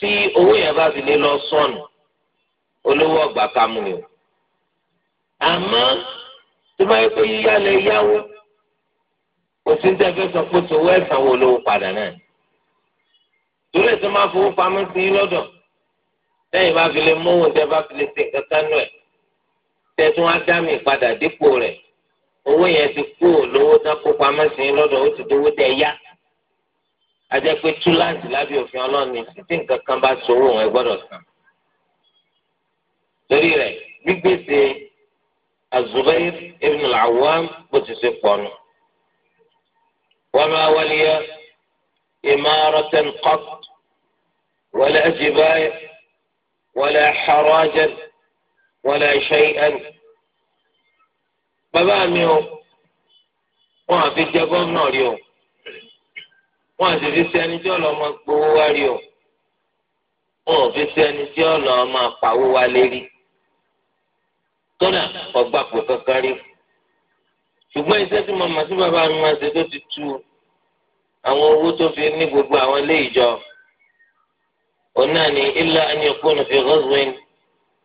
tí owó yẹn bá fi lé lọ sọnù olówó ọgbà kámú ni o àmọ́ tó bá yẹ pé yíyá lẹ yáwó kò sí níta fẹ́ sọ pé sowó ẹ̀sán wo lówó padà náà torí ẹ̀sán máa fowó pamọ́ sí i lọ́dọ̀ lẹ́yìn bá fi lè mówó tẹ bá fi lè ṣe kankan nù ẹ̀ tẹ tún wá dá mi padà dípò rẹ̀ owó yẹn ti kú lówó tán kó pamọ́ sí i lọ́dọ̀ ó ti dówó tẹ yá ajẹ́ pé túláàsì lábẹ́ òfin ọlọ́run ní títí nǹkan kan bá sòwò wọn ẹ gbọ́dọ̀ san. torí rẹ̀ gbígbèsè Az-Zubair ibn al-Awwam bó ti ṣe pọ̀nù. wa ma waliya imaratan qat wala jibaya wala harajan wala shay'an. bàbá mi o wọn àfi jẹ gómìnà rí o wọn sì fi sẹni tí ọlọ máa gbowó wá rí o wọn ò fi sẹni tí ọlọ máa pawó wá lérí tọ́lá ọgbà kò kankan rí ṣùgbọ́n iṣẹ́ tí màmá sí bàbá mi máa ṣe tó ti tu àwọn owó tó fi ní gbogbo àwọn ilé ìjọ òun náà ní ilá ẹni ọkùnrin fi rọ́ọ̀sìn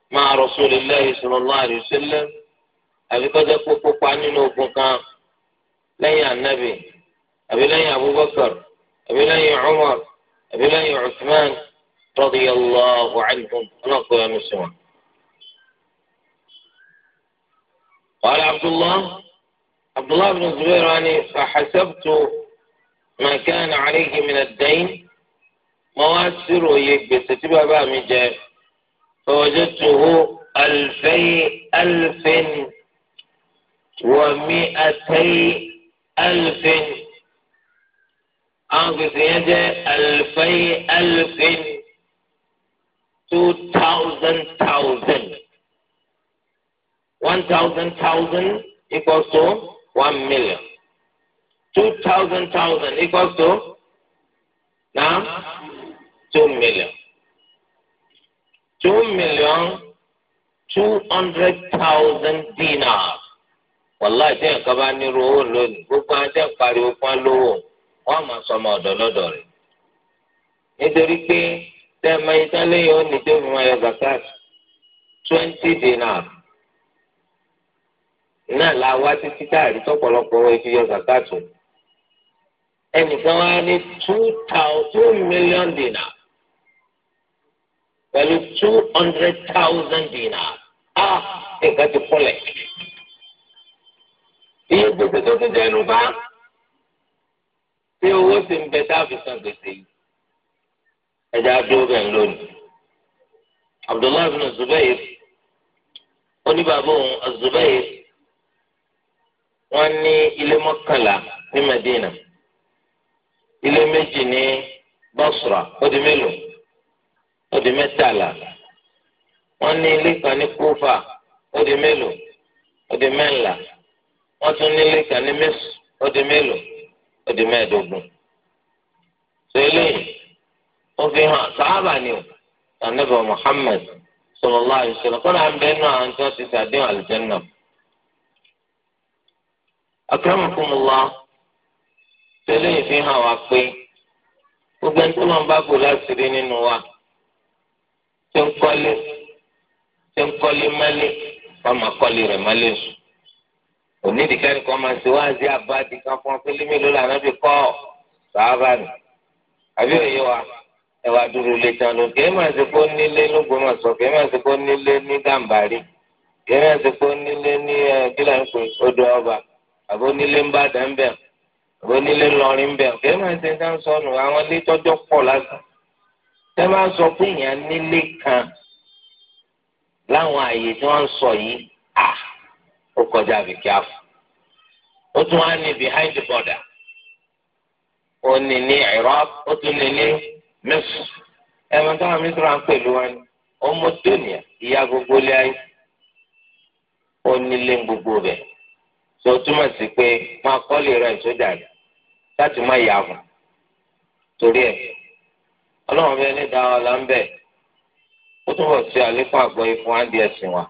máa rasulillahi sallallahu alaihi wasallam àbíkọ́jọ́ pé kópa nínú ogun kan lẹ́yìn ànábì àbí lẹ́yìn abubakar àbí عمر Umar عثمان رضي الله عنهم نقول المسلمون قال عبد الله عبد الله بن الزبير يعني فحسبت ما كان عليه من الدين مواسر ويكبس تبابا بقى من جاي فوجدته ألفي ألف ومئتي ألف àwọn gbèsè yẹn jẹ́ àlùfẹ́yì àlùfẹ́yì two thousand thousand one thousand thousand equals to one million two thousand thousand equals to now two million two million two hundred thousand dinars wàláì tẹ̀yìn kan bá nírú owó lónìí gbogbo àwọn tẹ̀yìn pariwo fún lówó wọ́n máa sọ ọmọ ọ̀dọ̀ lọ́dọ̀ rẹ̀ nítorí pé tẹ́ ẹ máa yíta lẹ́yìn ó ní débi máa yọ zakat twenty dinar náà la wá títí táàrí tọ́pọ̀lọpọ̀ wọ́n fi yọ zakat o ẹnìkan wá ní two thousand two million dinar pẹ̀lú two hundred thousand dinar ah nǹkan ti kúnlẹ̀ iye gbèsè tó ti dẹnu bá ṣé owó sì ń bẹ táàfin san gbèsè yìí ẹja dúró bẹ́ẹ̀ lónìí abdullahi bin zubair oníbàbá òun zubair wọ́n ní ilé mọ́kànlá ní madina ilé méjì ní basra ó di mélòó ó di mẹ́tàlá ní ilé kan ní kúfà ó mélòó ó di mẹ́ńlá tún ní ilé kan ní mẹ́sù ó mélòó. ó di mẹ́ẹ̀ẹ́dógún sẹ́lẹ̀ ó fi hàn sáábà ni o anabi muhammed sallallahu alaihi ha kọ́nà àbẹ́ àwọn tí wọ́n ti sàdéhùn àlùjẹ́nà. akramakumullah fi hàn wá pé gbogbo ẹni tó máa ń wa ń kọ́lé ń kọ́lé onídìkẹ́ni kan máa ṣe wáàzí abáàdì kan fún ọpẹ́ límélòó lànà bí kọ́ sàábà nì àbí òye wa ẹwà dúró lè tán ló kẹ́ máa ṣe kó nílé lógbómọ̀ṣọ́ kẹ́ máa ṣe kó nílé ní gàǹbàrí kẹ́ máa ṣe kó nílé ní kílàǹpé odò ọba àbó nílé ń bá dàn bẹ́ẹ̀ àbó nílé lọrin bẹ́ẹ̀ kẹ́ máa ṣe ká ń sọnù àwọn ilé tọ́jọ́ pọ̀ lásán kẹ́ máa sọ pé èèyàn nílé kan láwọn àyè tí wọ́n ń sọ yìí ah ó kọjá bìkíáfù ó tún wá ní behind the border ó ní ní Iraq ó tún ní ní Misr ẹ̀wọ̀n táwọn Misr ń pè ló ọmọ dóníà ìyá gbogbo lé ayé ó nílé gbogbo rẹ̀ tó túmọ̀ sí pé máa kọ́lé rẹ̀ rẹ̀ láti má yà torí ẹ̀ ọlọ́run bẹ́ẹ̀ ní dáhùn ọ̀la ń bẹ̀ ó túbọ̀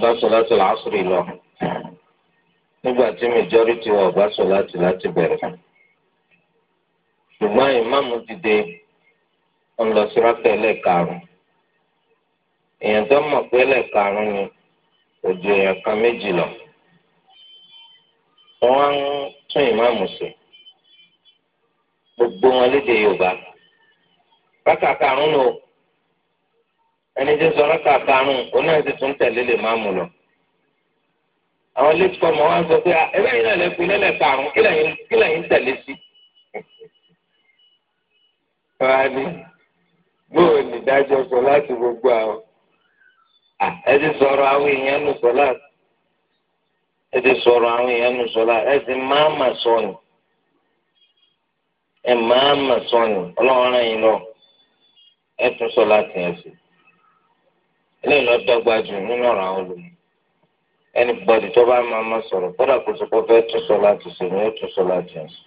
bá sọláàtì làásùrì lọ nígbà tí majority wa bá sọláàtì láti bẹ̀rẹ̀ ṣùgbọ́n ìmáàmù ti dé ọlọsirata ẹlẹ́ẹ̀karùn èèyàn tó mọ̀ pé ẹlẹ́ẹ̀karùn ni òjò èèyàn kan méjì lọ wọ́n á tún ìmáàmù sí gbogbo wọn lédè Yorùbá bákàkà àrùn náà. ẹni tí sọ̀rọ̀ kàkàrún òun náà ti tún tẹ̀lé lè máa mú lọ. àwọn late comer wá ń sọ pé ẹgbẹ́ yìí náà lè fi lẹ́lẹ̀ karùn-ún kí lẹ́yìn tẹ̀lé sí. yóò ní sọ láti gbogbo àwọn. ẹ sọrọ àwọn èèyàn nù sọ láti. ẹ ti àwọn èèyàn nù sọ láti. máa ni. ẹ máa mà ni ọlọ́run lọ. ẹ tún eléyìí lọ dọ́gba jù nínú ọ̀rọ̀ àwọn olùmọ̀ ẹnì bọ́dì tó bá máa ma sọ̀rọ̀ kódà kó sọ pé fẹ́ tún sọ láti sè ni ó tún sọ láti sè.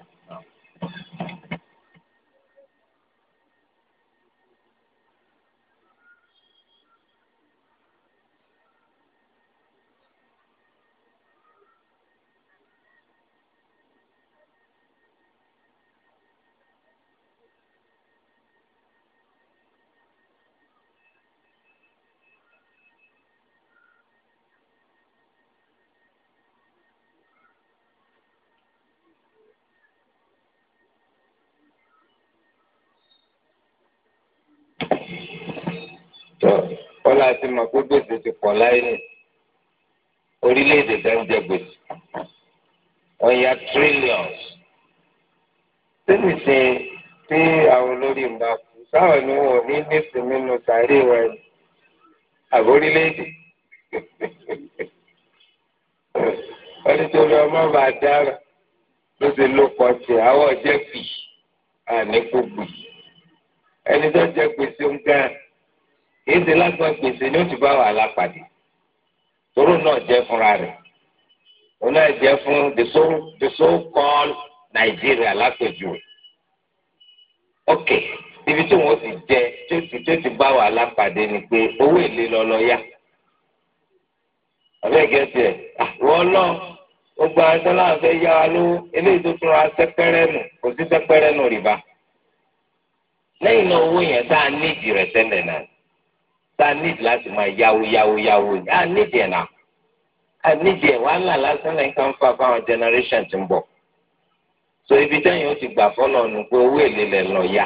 la ti mọ̀ pé gbèsè ti pọ̀ láyé nì orílẹ̀-èdè dá ń jẹ gbèsè wọ́n ya trillions tẹ́lẹ̀ ṣe tí àwọn olórí ń bá kú sáwọn ni wọn ò ní nífẹ̀ẹ́ nínú sàárè wa ni àbórílẹ̀-èdè wọ́n ti tóbi ọmọ bá dára ló ti ló pọ̀ sí àwọn jẹ́ pì àníkó gbì ẹni tó jẹ gbèsè ń gan èdè lágbọn gbèsè ni ó ti bá wà lápàdé tóró náà jẹ fúnra rẹ̀ òun náà jẹ fún the so the so called Nigeria lápèjú ok ibi tí wọn ti jẹ tó ti tó ti bá wà lápàdé ni pé owó èlé lọlọ yá àbẹ́ẹ̀kẹ́ tiẹ̀ ah, wọ́n lọ gbogbo aṣọ náà fẹ́ yá wa lówó eléyìí tó tún ra sẹ́pẹ́rẹ́ nù kò sí sẹ́pẹ́rẹ́ nù rìbá lẹ́yìn náà owó yẹn tá a ní ìdí rẹ̀ tẹ́lẹ̀ náà tá a nídìí láti máa yáwó yáwó yáwó ni a nídìí ẹ̀ náà a nídìí ẹ̀ wàhálà lásán lẹ́yìn kan fà fáwọn generation ti ń bọ̀ so ibi tẹ́yìn ó ti gbà fọ́lọ̀ nù pé owó èlé lẹ̀ lọ yá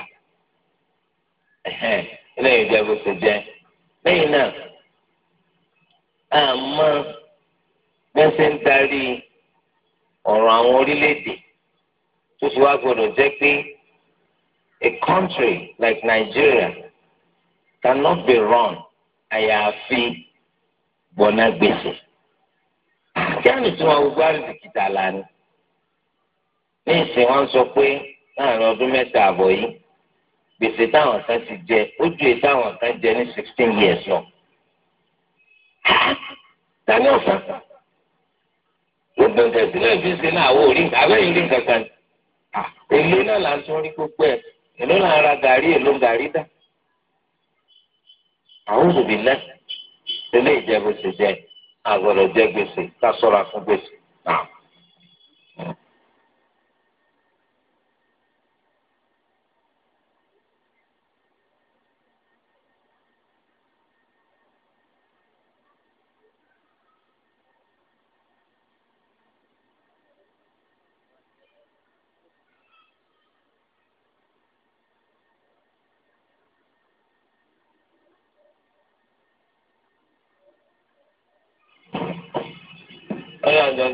lẹ́yìn ìjẹ́ bó ṣe jẹ́ lẹ́yìn náà a bẹ́ẹ̀ ṣe ń darí ọ̀rọ̀ àwọn orílẹ̀-èdè tó fi wá gbọ́dọ̀ jẹ́ pé a country like Nigeria cannot be wrong àyàfi gbọ́nà gbèsè kí àmì tí wọn gbogbo àrùn kìtà lánàá ní ìsìn wọn sọ pé láàrin ọdún mẹ́ta àbọ̀ yìí gbèsè táwọn kan ti jẹ ó ju èyí táwọn kan jẹ ní sixteen years lọ tani ọ̀sán gbogbo nǹkan ìsìnlẹ̀ fi ṣe náà àwọn òrí nǹkan abẹ́yìn rí nǹkan kan èlé náà là ń tún rí gbogbo ẹ̀ èlé náà ra gàrí èló gàrí dá àwọn òbí lẹ tẹ́lẹ̀ ìjẹ gbèsè jẹ àgọdọ jẹ gbèsè ká ṣọ́ra fún gbèsè náà.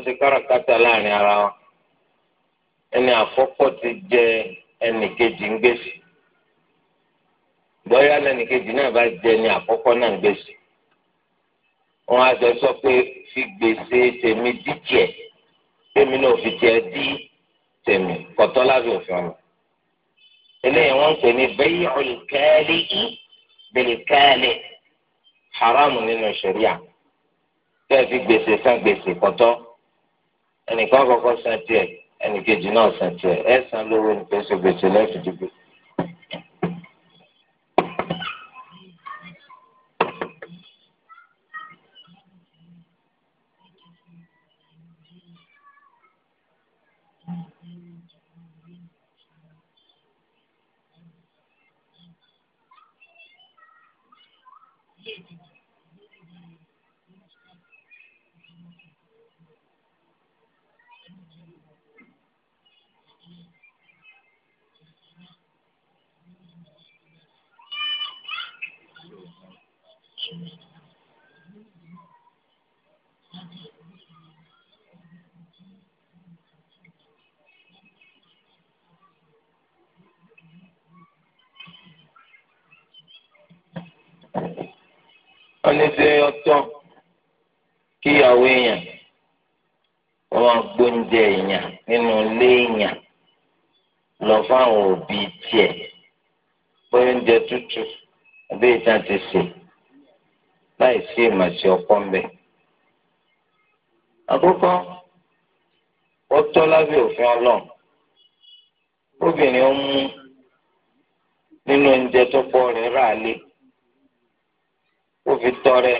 ṣe káràkátà láàrin ara wọn ẹni àkọ́kọ́ ti jẹ ẹnì kejì ń gbèsè bóyá lẹnì kejì náà bá jẹ ẹni àkọ́kọ́ náà ń gbèsè wọn á jọ sọ pé fi gbèsè tèmi dí tiẹ̀ tèmi náà fi tiẹ̀ dí tèmi kọtọ lábẹ́ òfin ọmọ eléyìí wọn ń pè ní bay'ul kali bil kali haramu nínú ṣẹ̀ríà tẹ fi gbèsè san gbèsè kọtọ ẹnìkan kọ́kọ́ san tiẹ̀ ẹnìkejì náà san tiẹ̀ ẹ san lówó ní pẹ̀sẹ̀ gbèsè lẹ́fìdígbè. ìyàwó èèyàn wọ́n máa gbóúnjẹ èèyàn nínú ilé èèyàn lọ fáwọn òbí tiẹ̀ bóyá oúnjẹ tútù àbí ìta ti sè láì sí ìmọ̀sí ọkọ́ ńbẹ. àkọ́kọ́ ó tọ́ lábẹ́ òfin ọlọ́run obìnrin ó mú nínú oúnjẹ tó pọ̀ rẹ̀ rà lé ó fi tọrẹ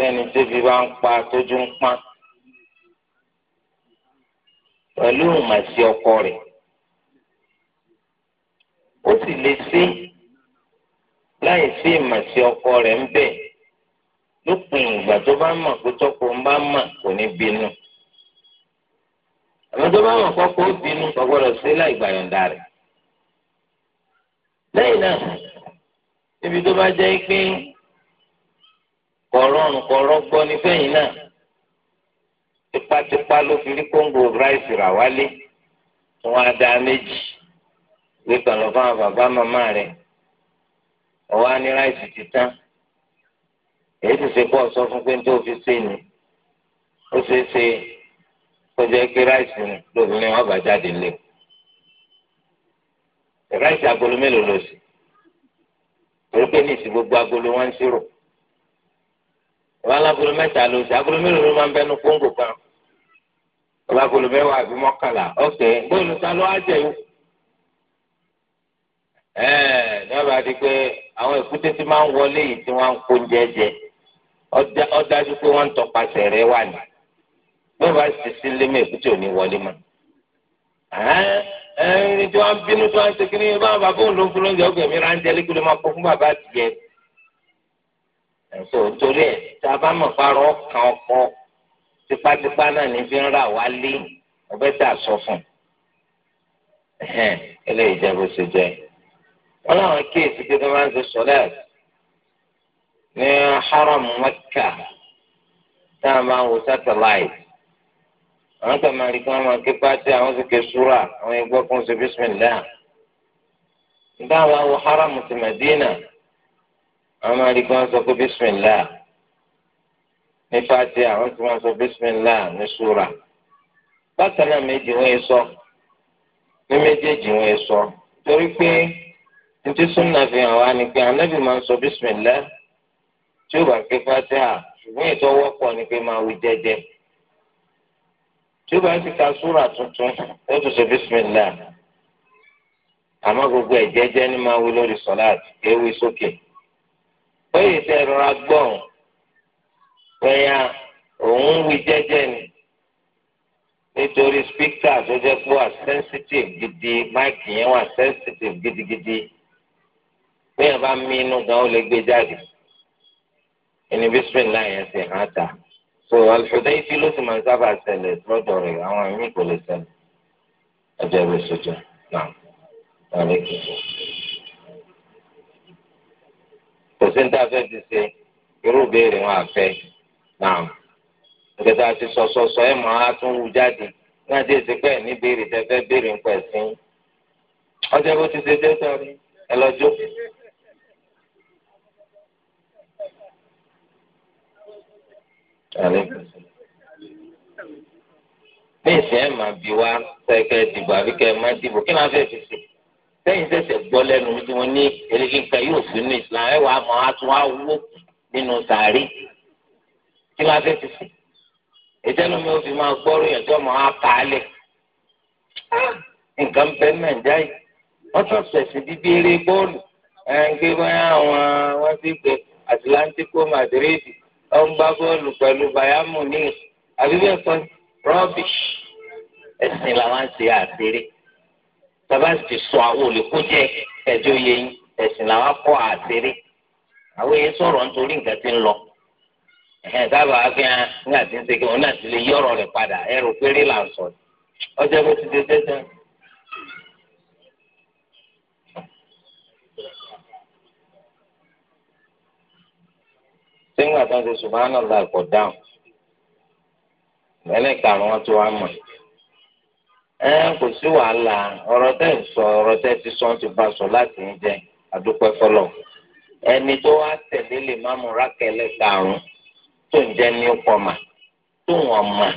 lẹ́ni tóbi bá ń pa tójú ń pọ́n pẹ̀lú ìmọ̀sí ọkọ rẹ̀ ó sì lè sí láì sí ìmọ̀sí ọkọ rẹ̀ ń bẹ̀ lópin ìgbà tó bá mọ̀ pé tọ́kọ ń bá mọ̀ kò ní bínú àwọn tó bá mọ̀ kọ́kọ́ ó bínú kò gbọ́dọ̀ sí láì gbàyọ̀ǹda rẹ̀ lẹ́yìn náà níbi tó bá jẹ́ pé kọ̀ọ̀rọ̀rùn kọ̀ọ̀rọ̀gbọ́ ní fẹ́yìn náà tipátipá ló fi rí kóńgò ráìsì rà wálé wọn á dá méjì gbé kan lọ fáwọn bàbá màmá rẹ̀ ọwọ́ á ní ráìsì ti tán èyí ti ṣe pọ̀ sọ fún pé tó fi ṣe ni ó ṣeé ṣe kó jẹ́ pé ráìsì lóbìnrin wọn bá jáde lé ráìsì agolo mélòó ló sì torí pé ní ìsìn gbogbo agolo wọn ń ṣírò. ọba alágolo mẹta ló ṣe agolo mélòó ló máa ń bẹnu kóńgò kan ìwà agolo mẹ́wàá àbí mọ́kànlá ọ̀kẹ́ bóòlù ta ló á jẹ̀yó. ẹ̀ẹ́ dábàá di pé àwọn èkúté tí máa ń wọlé yìí tí ń kó oúnjẹ jẹ pé ń rẹ wà ní. bá sí lémè èkúté wọlé mọ́. tí bínú tí ẹ̀sọ́ torí ẹ̀ tá a bá mọ̀ parọ́ kan ọkọ tipátipá náà ní fi ń rà wá lé ọbẹ̀ tà sọ fún eléyìí jẹ́ bó ṣe jẹ́ wọn láwọn kéèsì pé tó máa ń ṣe sọ́lẹ̀ ní haram mẹ́kà tá a máa ń wo sátáláìtì àwọn kan máa rí kí wọ́n máa ké pátí àwọn sì ké súrà àwọn ẹgbẹ́ kan ṣe bísímìlá nígbà wo haram ti Mẹ́dínà àwọn máa rí kan sọ pé bísímìlá ní fati àwọn tí wọ́n sọ bísímìlá ní súra bákan náà méjì wọ́n yẹ sọ ní méjèèjì wọ́n yẹ sọ torí pé ntí súnà fi hàn wá ni pé anábì máa ń sọ bísímìlá tí ó bá ké fati hà ṣùgbọ́n ètò wọ́pọ̀ ni pé máa wí jẹ́jẹ́ tí ó bá ti ka súra tuntun ó tún sọ bísímìlá àmọ́ gbogbo ẹ̀ jẹ́jẹ́ ni máa wí lórí sọ́láàtì kéwì sókè. Okay èyí tẹ rọra gbọ́n pẹ̀yà òun wí jẹ́jẹ́ ni nítorí spíkà tó jẹ́ pé wà sensitive gidi máìkì yẹn wà sensitive gidigidi bẹ́ẹ̀ bá mí inú gan ó lè gbé jáde ẹni bísímìlá yẹn sì hàn ta so àlùfẹ́dá yìí fi ló sì máa ń sábà ṣẹlẹ̀ lọ́dọ̀ rẹ̀ àwọn ẹ̀mí kò lè ṣẹlẹ̀ ẹ̀jẹ̀ rẹ̀ ṣojú náà kò sí ní tá a fẹ́ fi ṣe irú ìbéèrè wọn àfẹ́ náà ìgbẹ́ta àti sọ̀sọ̀sọ̀ ẹ̀ mọ̀ á tún wú jáde náà dé ti pẹ́ ní béèrè tẹ́ fẹ́ béèrè ń pẹ̀ sí ọjọ́ bó ti ṣe dé sọ́ọ́rí ẹ lọ jókòó. ní ìsìn ẹ̀ máa bí wá sẹ́kẹ́ dìbò àbí kẹ́ dìbò kí náà fẹ́ fi sí sẹ́yìn ṣẹ̀ṣẹ̀ gbọ́ lẹ́nu tí wọ́n ní erékíkà yóò sí ní islam ẹ̀wà àmọ́ àtún wá wó nínú sàárì kí wọ́n á fẹ́ ti sìn ìtẹ́nu mi ò fi máa gbọ́rọ̀ yẹn tí ọmọ á kà á lẹ̀ ah! nǹkan bẹ́ẹ̀ mẹ́rin jáì wọ́n tún ṣẹ̀ṣẹ̀ bíbí eré bọ́ọ̀lù ẹ̀ ń gbé báyà àwọn wọ́n ti gbé Atlantico Madrid ó ń gbá bọ́ọ̀lù pẹ̀lú Bayern Munich àbí bẹ́ẹ̀ kọ́ rọ́bì ẹ̀sìn làwọn ṣe àṣírí bàbá ti sọ àwọn olùkójẹ ẹjọ yẹn ẹsìn làwọn kọ àṣírí àwọn yẹn sọ̀rọ̀ nítorí nǹkan ti ń lọ ẹ̀hẹ́n dábàá fi hàn nígbà wọn náà ti lè yí rẹ̀ padà ẹrù péré là ń sọ ọjọ́ bó ti ṣe tẹ́tẹ́. sẹ́yìn àtàwọn àná làkọ̀ dáhùn ẹlẹ́karùn wọn tó wá mọ̀. ẹ kò sí wàhálà ọ̀rọ̀ tẹ́ ń sọ ọ̀rọ̀ tẹ́ ti sọ ti bá sọ láti ń jẹ àdúpẹ́ fọlọ́ ẹni tó wá tẹ̀lé lè má mú rákẹ́lẹ́ karùn-ún tó ń jẹ́ ní pọ̀mà tó wọ́n mà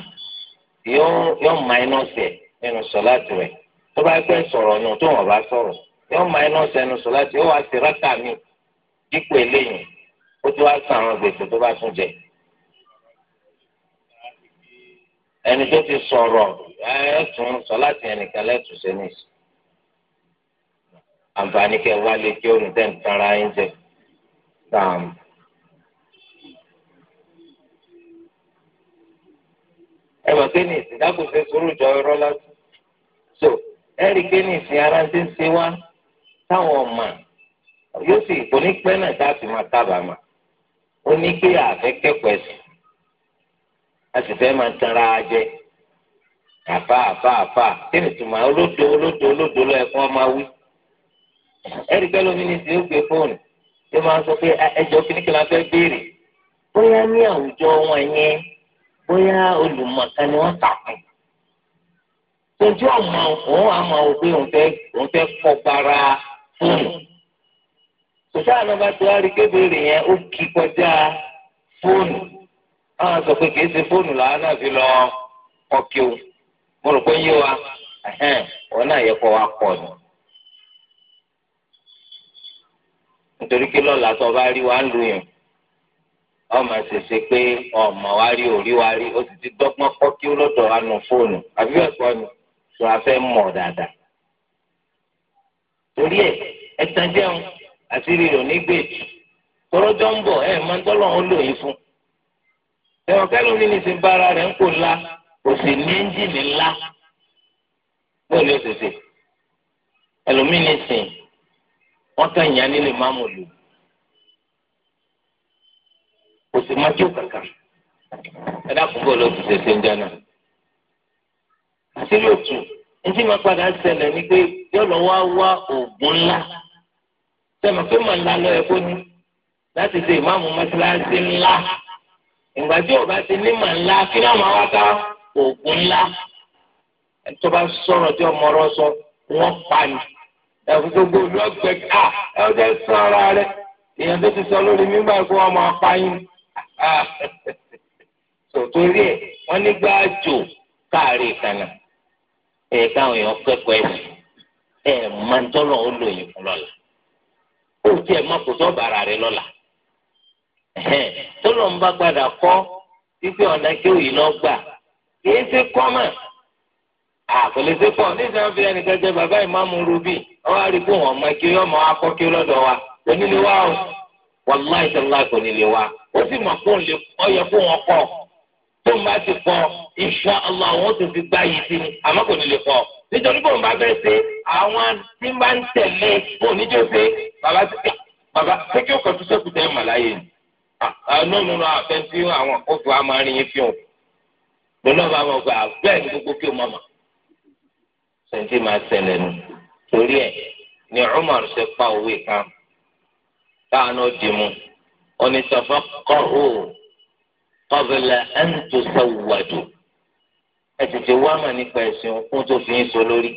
yóò máínọ́ọ̀sì ẹ̀ nínú sọ láti rẹ̀ tó bá pẹ́ sọ̀rọ̀ nù tó wọ́n bá sọ̀rọ̀ yóò máínọ́ọ̀sì ẹ̀ nínú sọ láti yóò wá sí rákà mi dípò eléyìí ó ti wá sàn àwọn gbèsè tó bá tún jẹ ẹni tó ti sọ̀rọ̀ ẹ̀ẹ́dùn sọ láti ẹnìkan lẹ́tù àǹfààní kẹ wá kí òun tẹ̀ ń tara ẹ̀ jẹ. ẹ jọ so ẹ rí i pé ìsìn ara ti ń ṣe wá táwọn ọmọ yóò sì àti fẹ́ máa tanra jẹ àfa àfa àfa kíni tuma olódo olódo olódo lọ ẹ̀kọ́ máa wí. ẹ̀rí pẹ́ lómi ní ti ó gbé fóònù tí ó máa ń sọ pé ẹjọ́ kíníkì la fẹ́ béèrè bóyá ní àwùjọ wọn yẹn bóyá olùmọ̀ọ́ká ni wọ́n tàkùn. tójú àmọ́ òun àmọ́ òun pé òun fẹ́ òun fẹ́ kọ́ gbára fóònù. sòtá àná bá tó wá rí kébèrè yẹn ó kí kọjá fóònù. àwọn sọ pé kì í ṣe fóònù làwọn náà fi lọ ọkẹ́ o mo rò pé yé wa wọn náà yẹ kó wa pọ̀ ni. nítorí kí lọ́la tó bá rí wa ń lu yàn ọmọ ṣèṣe pé ọmọ wa rí òrí wa rí ó sì ti dọ́gbọ́n kọ́ kí ó lọ́dọ̀ wa nu fóònù àbí ẹ̀kọ́ ni tó a fẹ́ mọ̀ dáadáa. torí ẹ ẹ̀tàn jẹun àti rírò nígbèjì tọrọjọ ń bọ̀ ẹ̀ máa ń tọ́lọ́ ń lòyìn fún un. ẹ̀wọ̀n kẹ́lò ní nìsín bára rẹ̀ ń kó ńlá kò sì ní ẹ́ńjìnì ńlá bóyá ló tètè ẹlòmíín nìsín wọ́n kàn yàn nílé máàmù lò kò sì má jó kankan ẹ dákun bóyá ló tètè ṣe ń jẹun náà àṣírí òtù ẹtí máa padà ṣẹlẹ̀ ni pé yóò lọ wá wá oògùn ńlá sẹ́mi pé màá ńlá lọ́yẹ̀ kó ní láti ṣe ìmáàmù mọ́ṣáláṣí ńlá ìgbà tí ọba ti ní màá ńlá kí náà máa wá ká oògùn ńlá tó bá sọ̀rọ̀ tí ọmọ ọ̀rọ̀ sọ wọ́n pa ni ẹ̀fún gbogbo olóògbé ká ẹ ọjọ́ sọ ara rẹ èèyàn tó ti sọ lórí mímọ́ ẹ̀kọ́ wọn máa pa yín sòtórí ẹ̀ wọ́n nígbà jò káàrí ìkànnà ẹ̀ káwọn èèyàn kẹ́kọ̀ọ́ ẹ̀sìn ẹ̀ máa ń tọ́lọ̀ ó lò fún lọ́la ó tiẹ̀ má kó sọ́ọ̀bù ara rẹ lọ́la. tó lọ́n bá gbàdà kọ́ wípé ọ̀nà kí òyìn gbà kìí ṣe kọ́mà àkọlẹ́sẹ̀ pọ̀ nígbà fi ẹnìkan jẹ bàbá ìmáàmù rubí ọwọ́ àríkú ọmọ kí ọmọ akọ́ kí lọ́dọ̀ wa kò wa o wàláì sọlá kò nílé wa ó sì mọ̀ kó lè kó wọn kọ́ tó bá ti kọ́ àwọn tó gbá yìí sí ni àmọ́ kò nílé kọ́ nítorí bá ṣe àwọn tí àánú nu àfẹ́ tí àwọn kófù á máa rìn yín fi hàn lọ́nà bá wọn gbà bẹ́ẹ̀ ni gbogbo kí o máa mọ̀ sẹ́ńtì máa ṣẹlẹ̀ nu torí ẹ̀ ni Umar ṣe pa òwe kan káàánú dì mú oníṣàfà kọ́ ò qabla an tusawwadu ẹ tètè wá mà nípa ẹ̀sìn òkun tó fi ń so lórí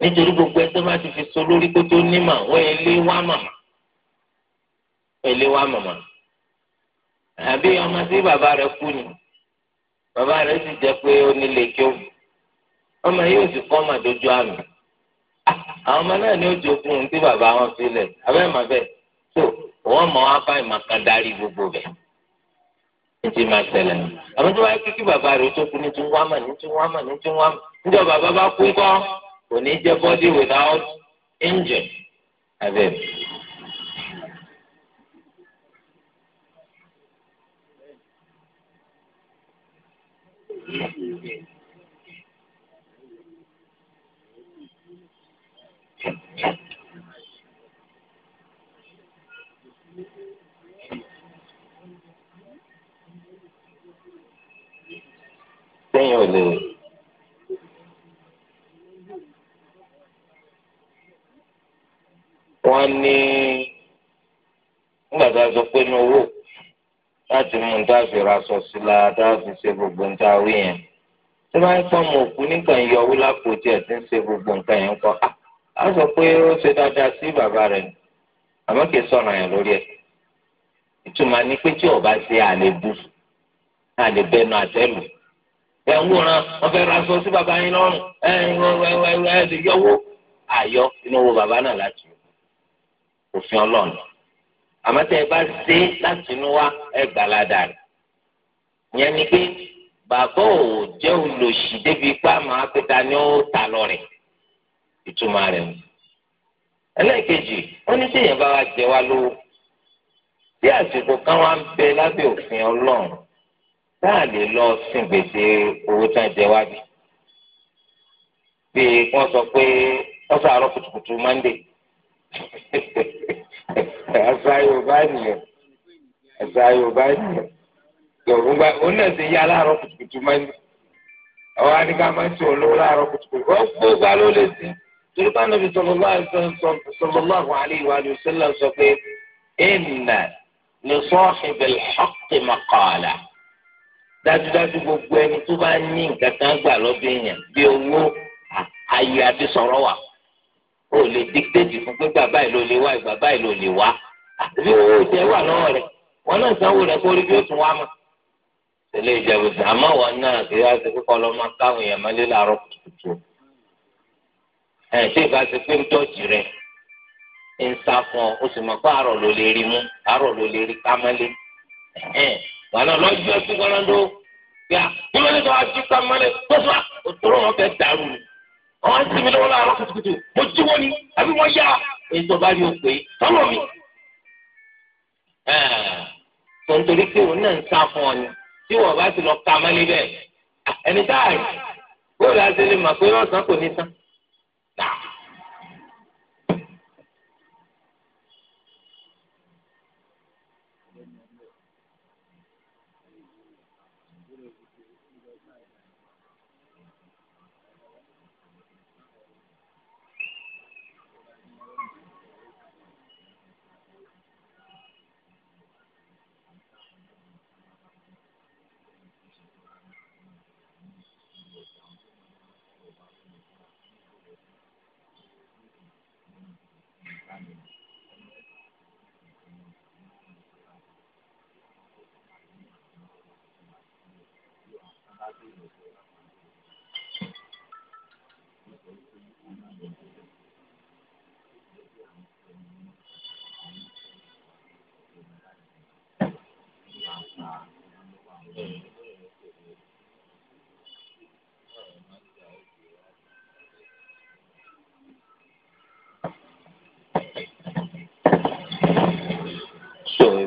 nítorí gbogbo ẹ tó bá ti fi so lórí kó tó ní mà wọ́n yẹn lé wá màmá pẹ̀lẹ́ wa màmá àbí ọmọ tí bàbá rẹ̀ kú ni bàbá rẹ̀ sì jẹ́ pé ó nílé kí ó ọmọ yóò sì kọ́ mà dojú àmì ah, àwọn ọmọ náà ni ó jogún tí bàbá wọn sílẹ̀ abẹ́ mà bẹ́ẹ̀ tó wọ́n mọ̀ wá bá darí gbogbo bẹ̀ ní ti máa ṣẹlẹ̀ àmọ́ tí wọ́n á kíkí bàbá rẹ̀ tó kú ní tí wọ́n á ní tí wọ́n á ní tí wọ́n á níjọ́ bàbá bá kú kọ́ kò ní jẹ́ body without engine abẹ́ mi. lẹ́yìn ò lè. wọ́n ní nígbà tó a sọ pé inú owó láti mú un dáàbì raṣọ sí la dáàbì ṣe gbogbo nǹkan àwí yẹn tí wọ́n á ń pọ́n mọ òkú nìkan yọ owó lápò tí ẹ̀ ti ń ṣe gbogbo nǹkan yẹn kọ́ á ah, sọ pé ó ṣe dáadáa sí bàbá rẹ̀ ni àmọ́ kì í sọ̀rọ̀ yẹn lórí ẹ̀ ìtumọ̀ ni pé tí ọba ṣe àlebu àlebẹnu àtẹ́lù ẹ̀ ń wòran wọ́n fẹ́ raṣọ sí bàbá yín lọ́rùn ẹ̀ ń wẹ́wẹ́wẹ́ ẹ̀ lè yọwọ́ àyọ inú owó bàbá náà láti òfin ọlọ́run àmọ́ tẹ́ ẹ bá ṣe láti inú wa ẹ gbàládà rẹ̀ yẹn ni pé bàbá ò jẹ́ olòṣì débi pé àmọ́ apẹta ni ó ta lọ rẹ̀ ìtumọ̀ rẹ̀ mu. ẹlẹ́ẹ̀kejì wọ́n ní sèyàn bá wa jẹ wá lówó bí àsìkò kan wá ń bẹ lábẹ́ òfin ọlọ́run tá lè lọ sin gbèsè owó tí wọ́n jẹ wá bí. bí wọ́n sọ pé wọ́n sọ àárọ̀ kùtùkùtù mọ́ndé àṣà yorùbá nìyẹn àṣà yorùbá nìyẹn yorùbá òun náà ti yá láàárọ̀ kùtùkùtù máa ń àwọn àdìgá máa ń ti olówó láàárọ̀ kùtùkùtù wọn kó gba ló lè sí torí bá nàbí sallallahu alaihi wa sallam sọ pé inna li sahibil haqqi maqala dájúdájú gbogbo ẹni tó bá ní nǹkan kan gbà lọ́dọ̀ èèyàn bí owó ayé àti sọ̀rọ̀ wà ó lè dígbèjì fún pé bàbá ìlò lè wá ìgbà báyìí ló lè wá àbí owó ìjẹ wà lọ́wọ́ rẹ̀ wọn náà sanwó rẹ̀ kó rí bí ó tún wá mọ́. tẹ̀lé ìjẹ̀bù sí àmọ́ wọn náà kì í wá sí kíkọ́ lọ máa káwọn èèyàn máa lé láàárọ̀ kùtùkùtù. ẹ̀ tí ìbá ti pé jọ́ọ̀jì rẹ̀ ń sá fún ọ ó sì mọ̀ pé àárọ̀ ló lè rí mú àárọ̀ ló lè rí kámẹ́lé. wọn náà lọ́jọ́ sí kọ́lọ́dọ́ yà kí ló dé sí kámẹ́lé tó fà òtúrò wọn fẹ́ dàrú ni àwọn ti mi lọ́wọ́ láàárọ̀ kùtùkùtù mo jí wọ́n yá tó ń torí náà ń sá fún ọ ni tí wọ́n bá ti lọ ka mọ́lẹ́ bẹ́ẹ̀ ẹni táàrí bóòlù àti lè mà pé ọ̀sán kò ní tán.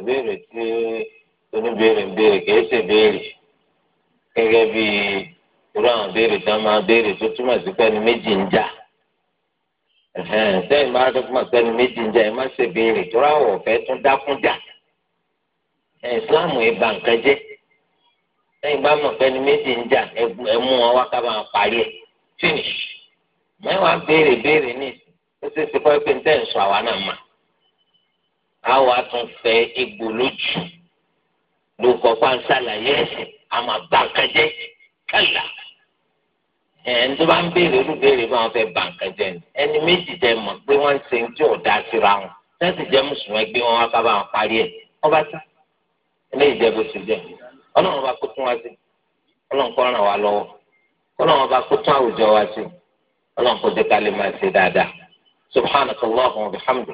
ìbéèrè tí oníbéèrè ń béèrè kìí ṣe béèrè gẹ́gẹ́ bí irú àwọn béèrè tó máa béèrè tó túmọ̀ sí pẹ́ni méjì ń jà sẹ́yìn máa tó túmọ̀ pẹ́ni méjì ń jà ẹ má ṣe béèrè tó ráwọ̀ fẹ́ tún dákún jà ìsìláàmù nǹkan jẹ́ sẹ́yìn bá mọ̀ pẹ́ni méjì ń jà ẹ mú wọn wá ká máa parí a wàá tún fẹ egbò lójú ló kọ pàǹsàlàyé ẹsìn àmọ́ bàǹkàjẹ kàlà ẹni tó bá ń béèrè olùbéèrè bá wọn fẹ bàǹkàjẹ ni ẹni méjì jẹ mọ̀ pé wọn ń ṣe tí ò dá síra wọn láti jẹ mùsùlùmí ẹgbẹ́ wọn wá bá wọn parí ẹ wọn bá tán eléyìí jẹ bó ti jẹ Ọlọ́run bá kó tún wá sí Ọlọ́run kó ràn wá lọ́wọ́ Ọlọ́run bá kó tún àwùjọ wá sí Ọlọ́run kó dé ká máa ṣe dáadáa subhanaka wa bihamdika.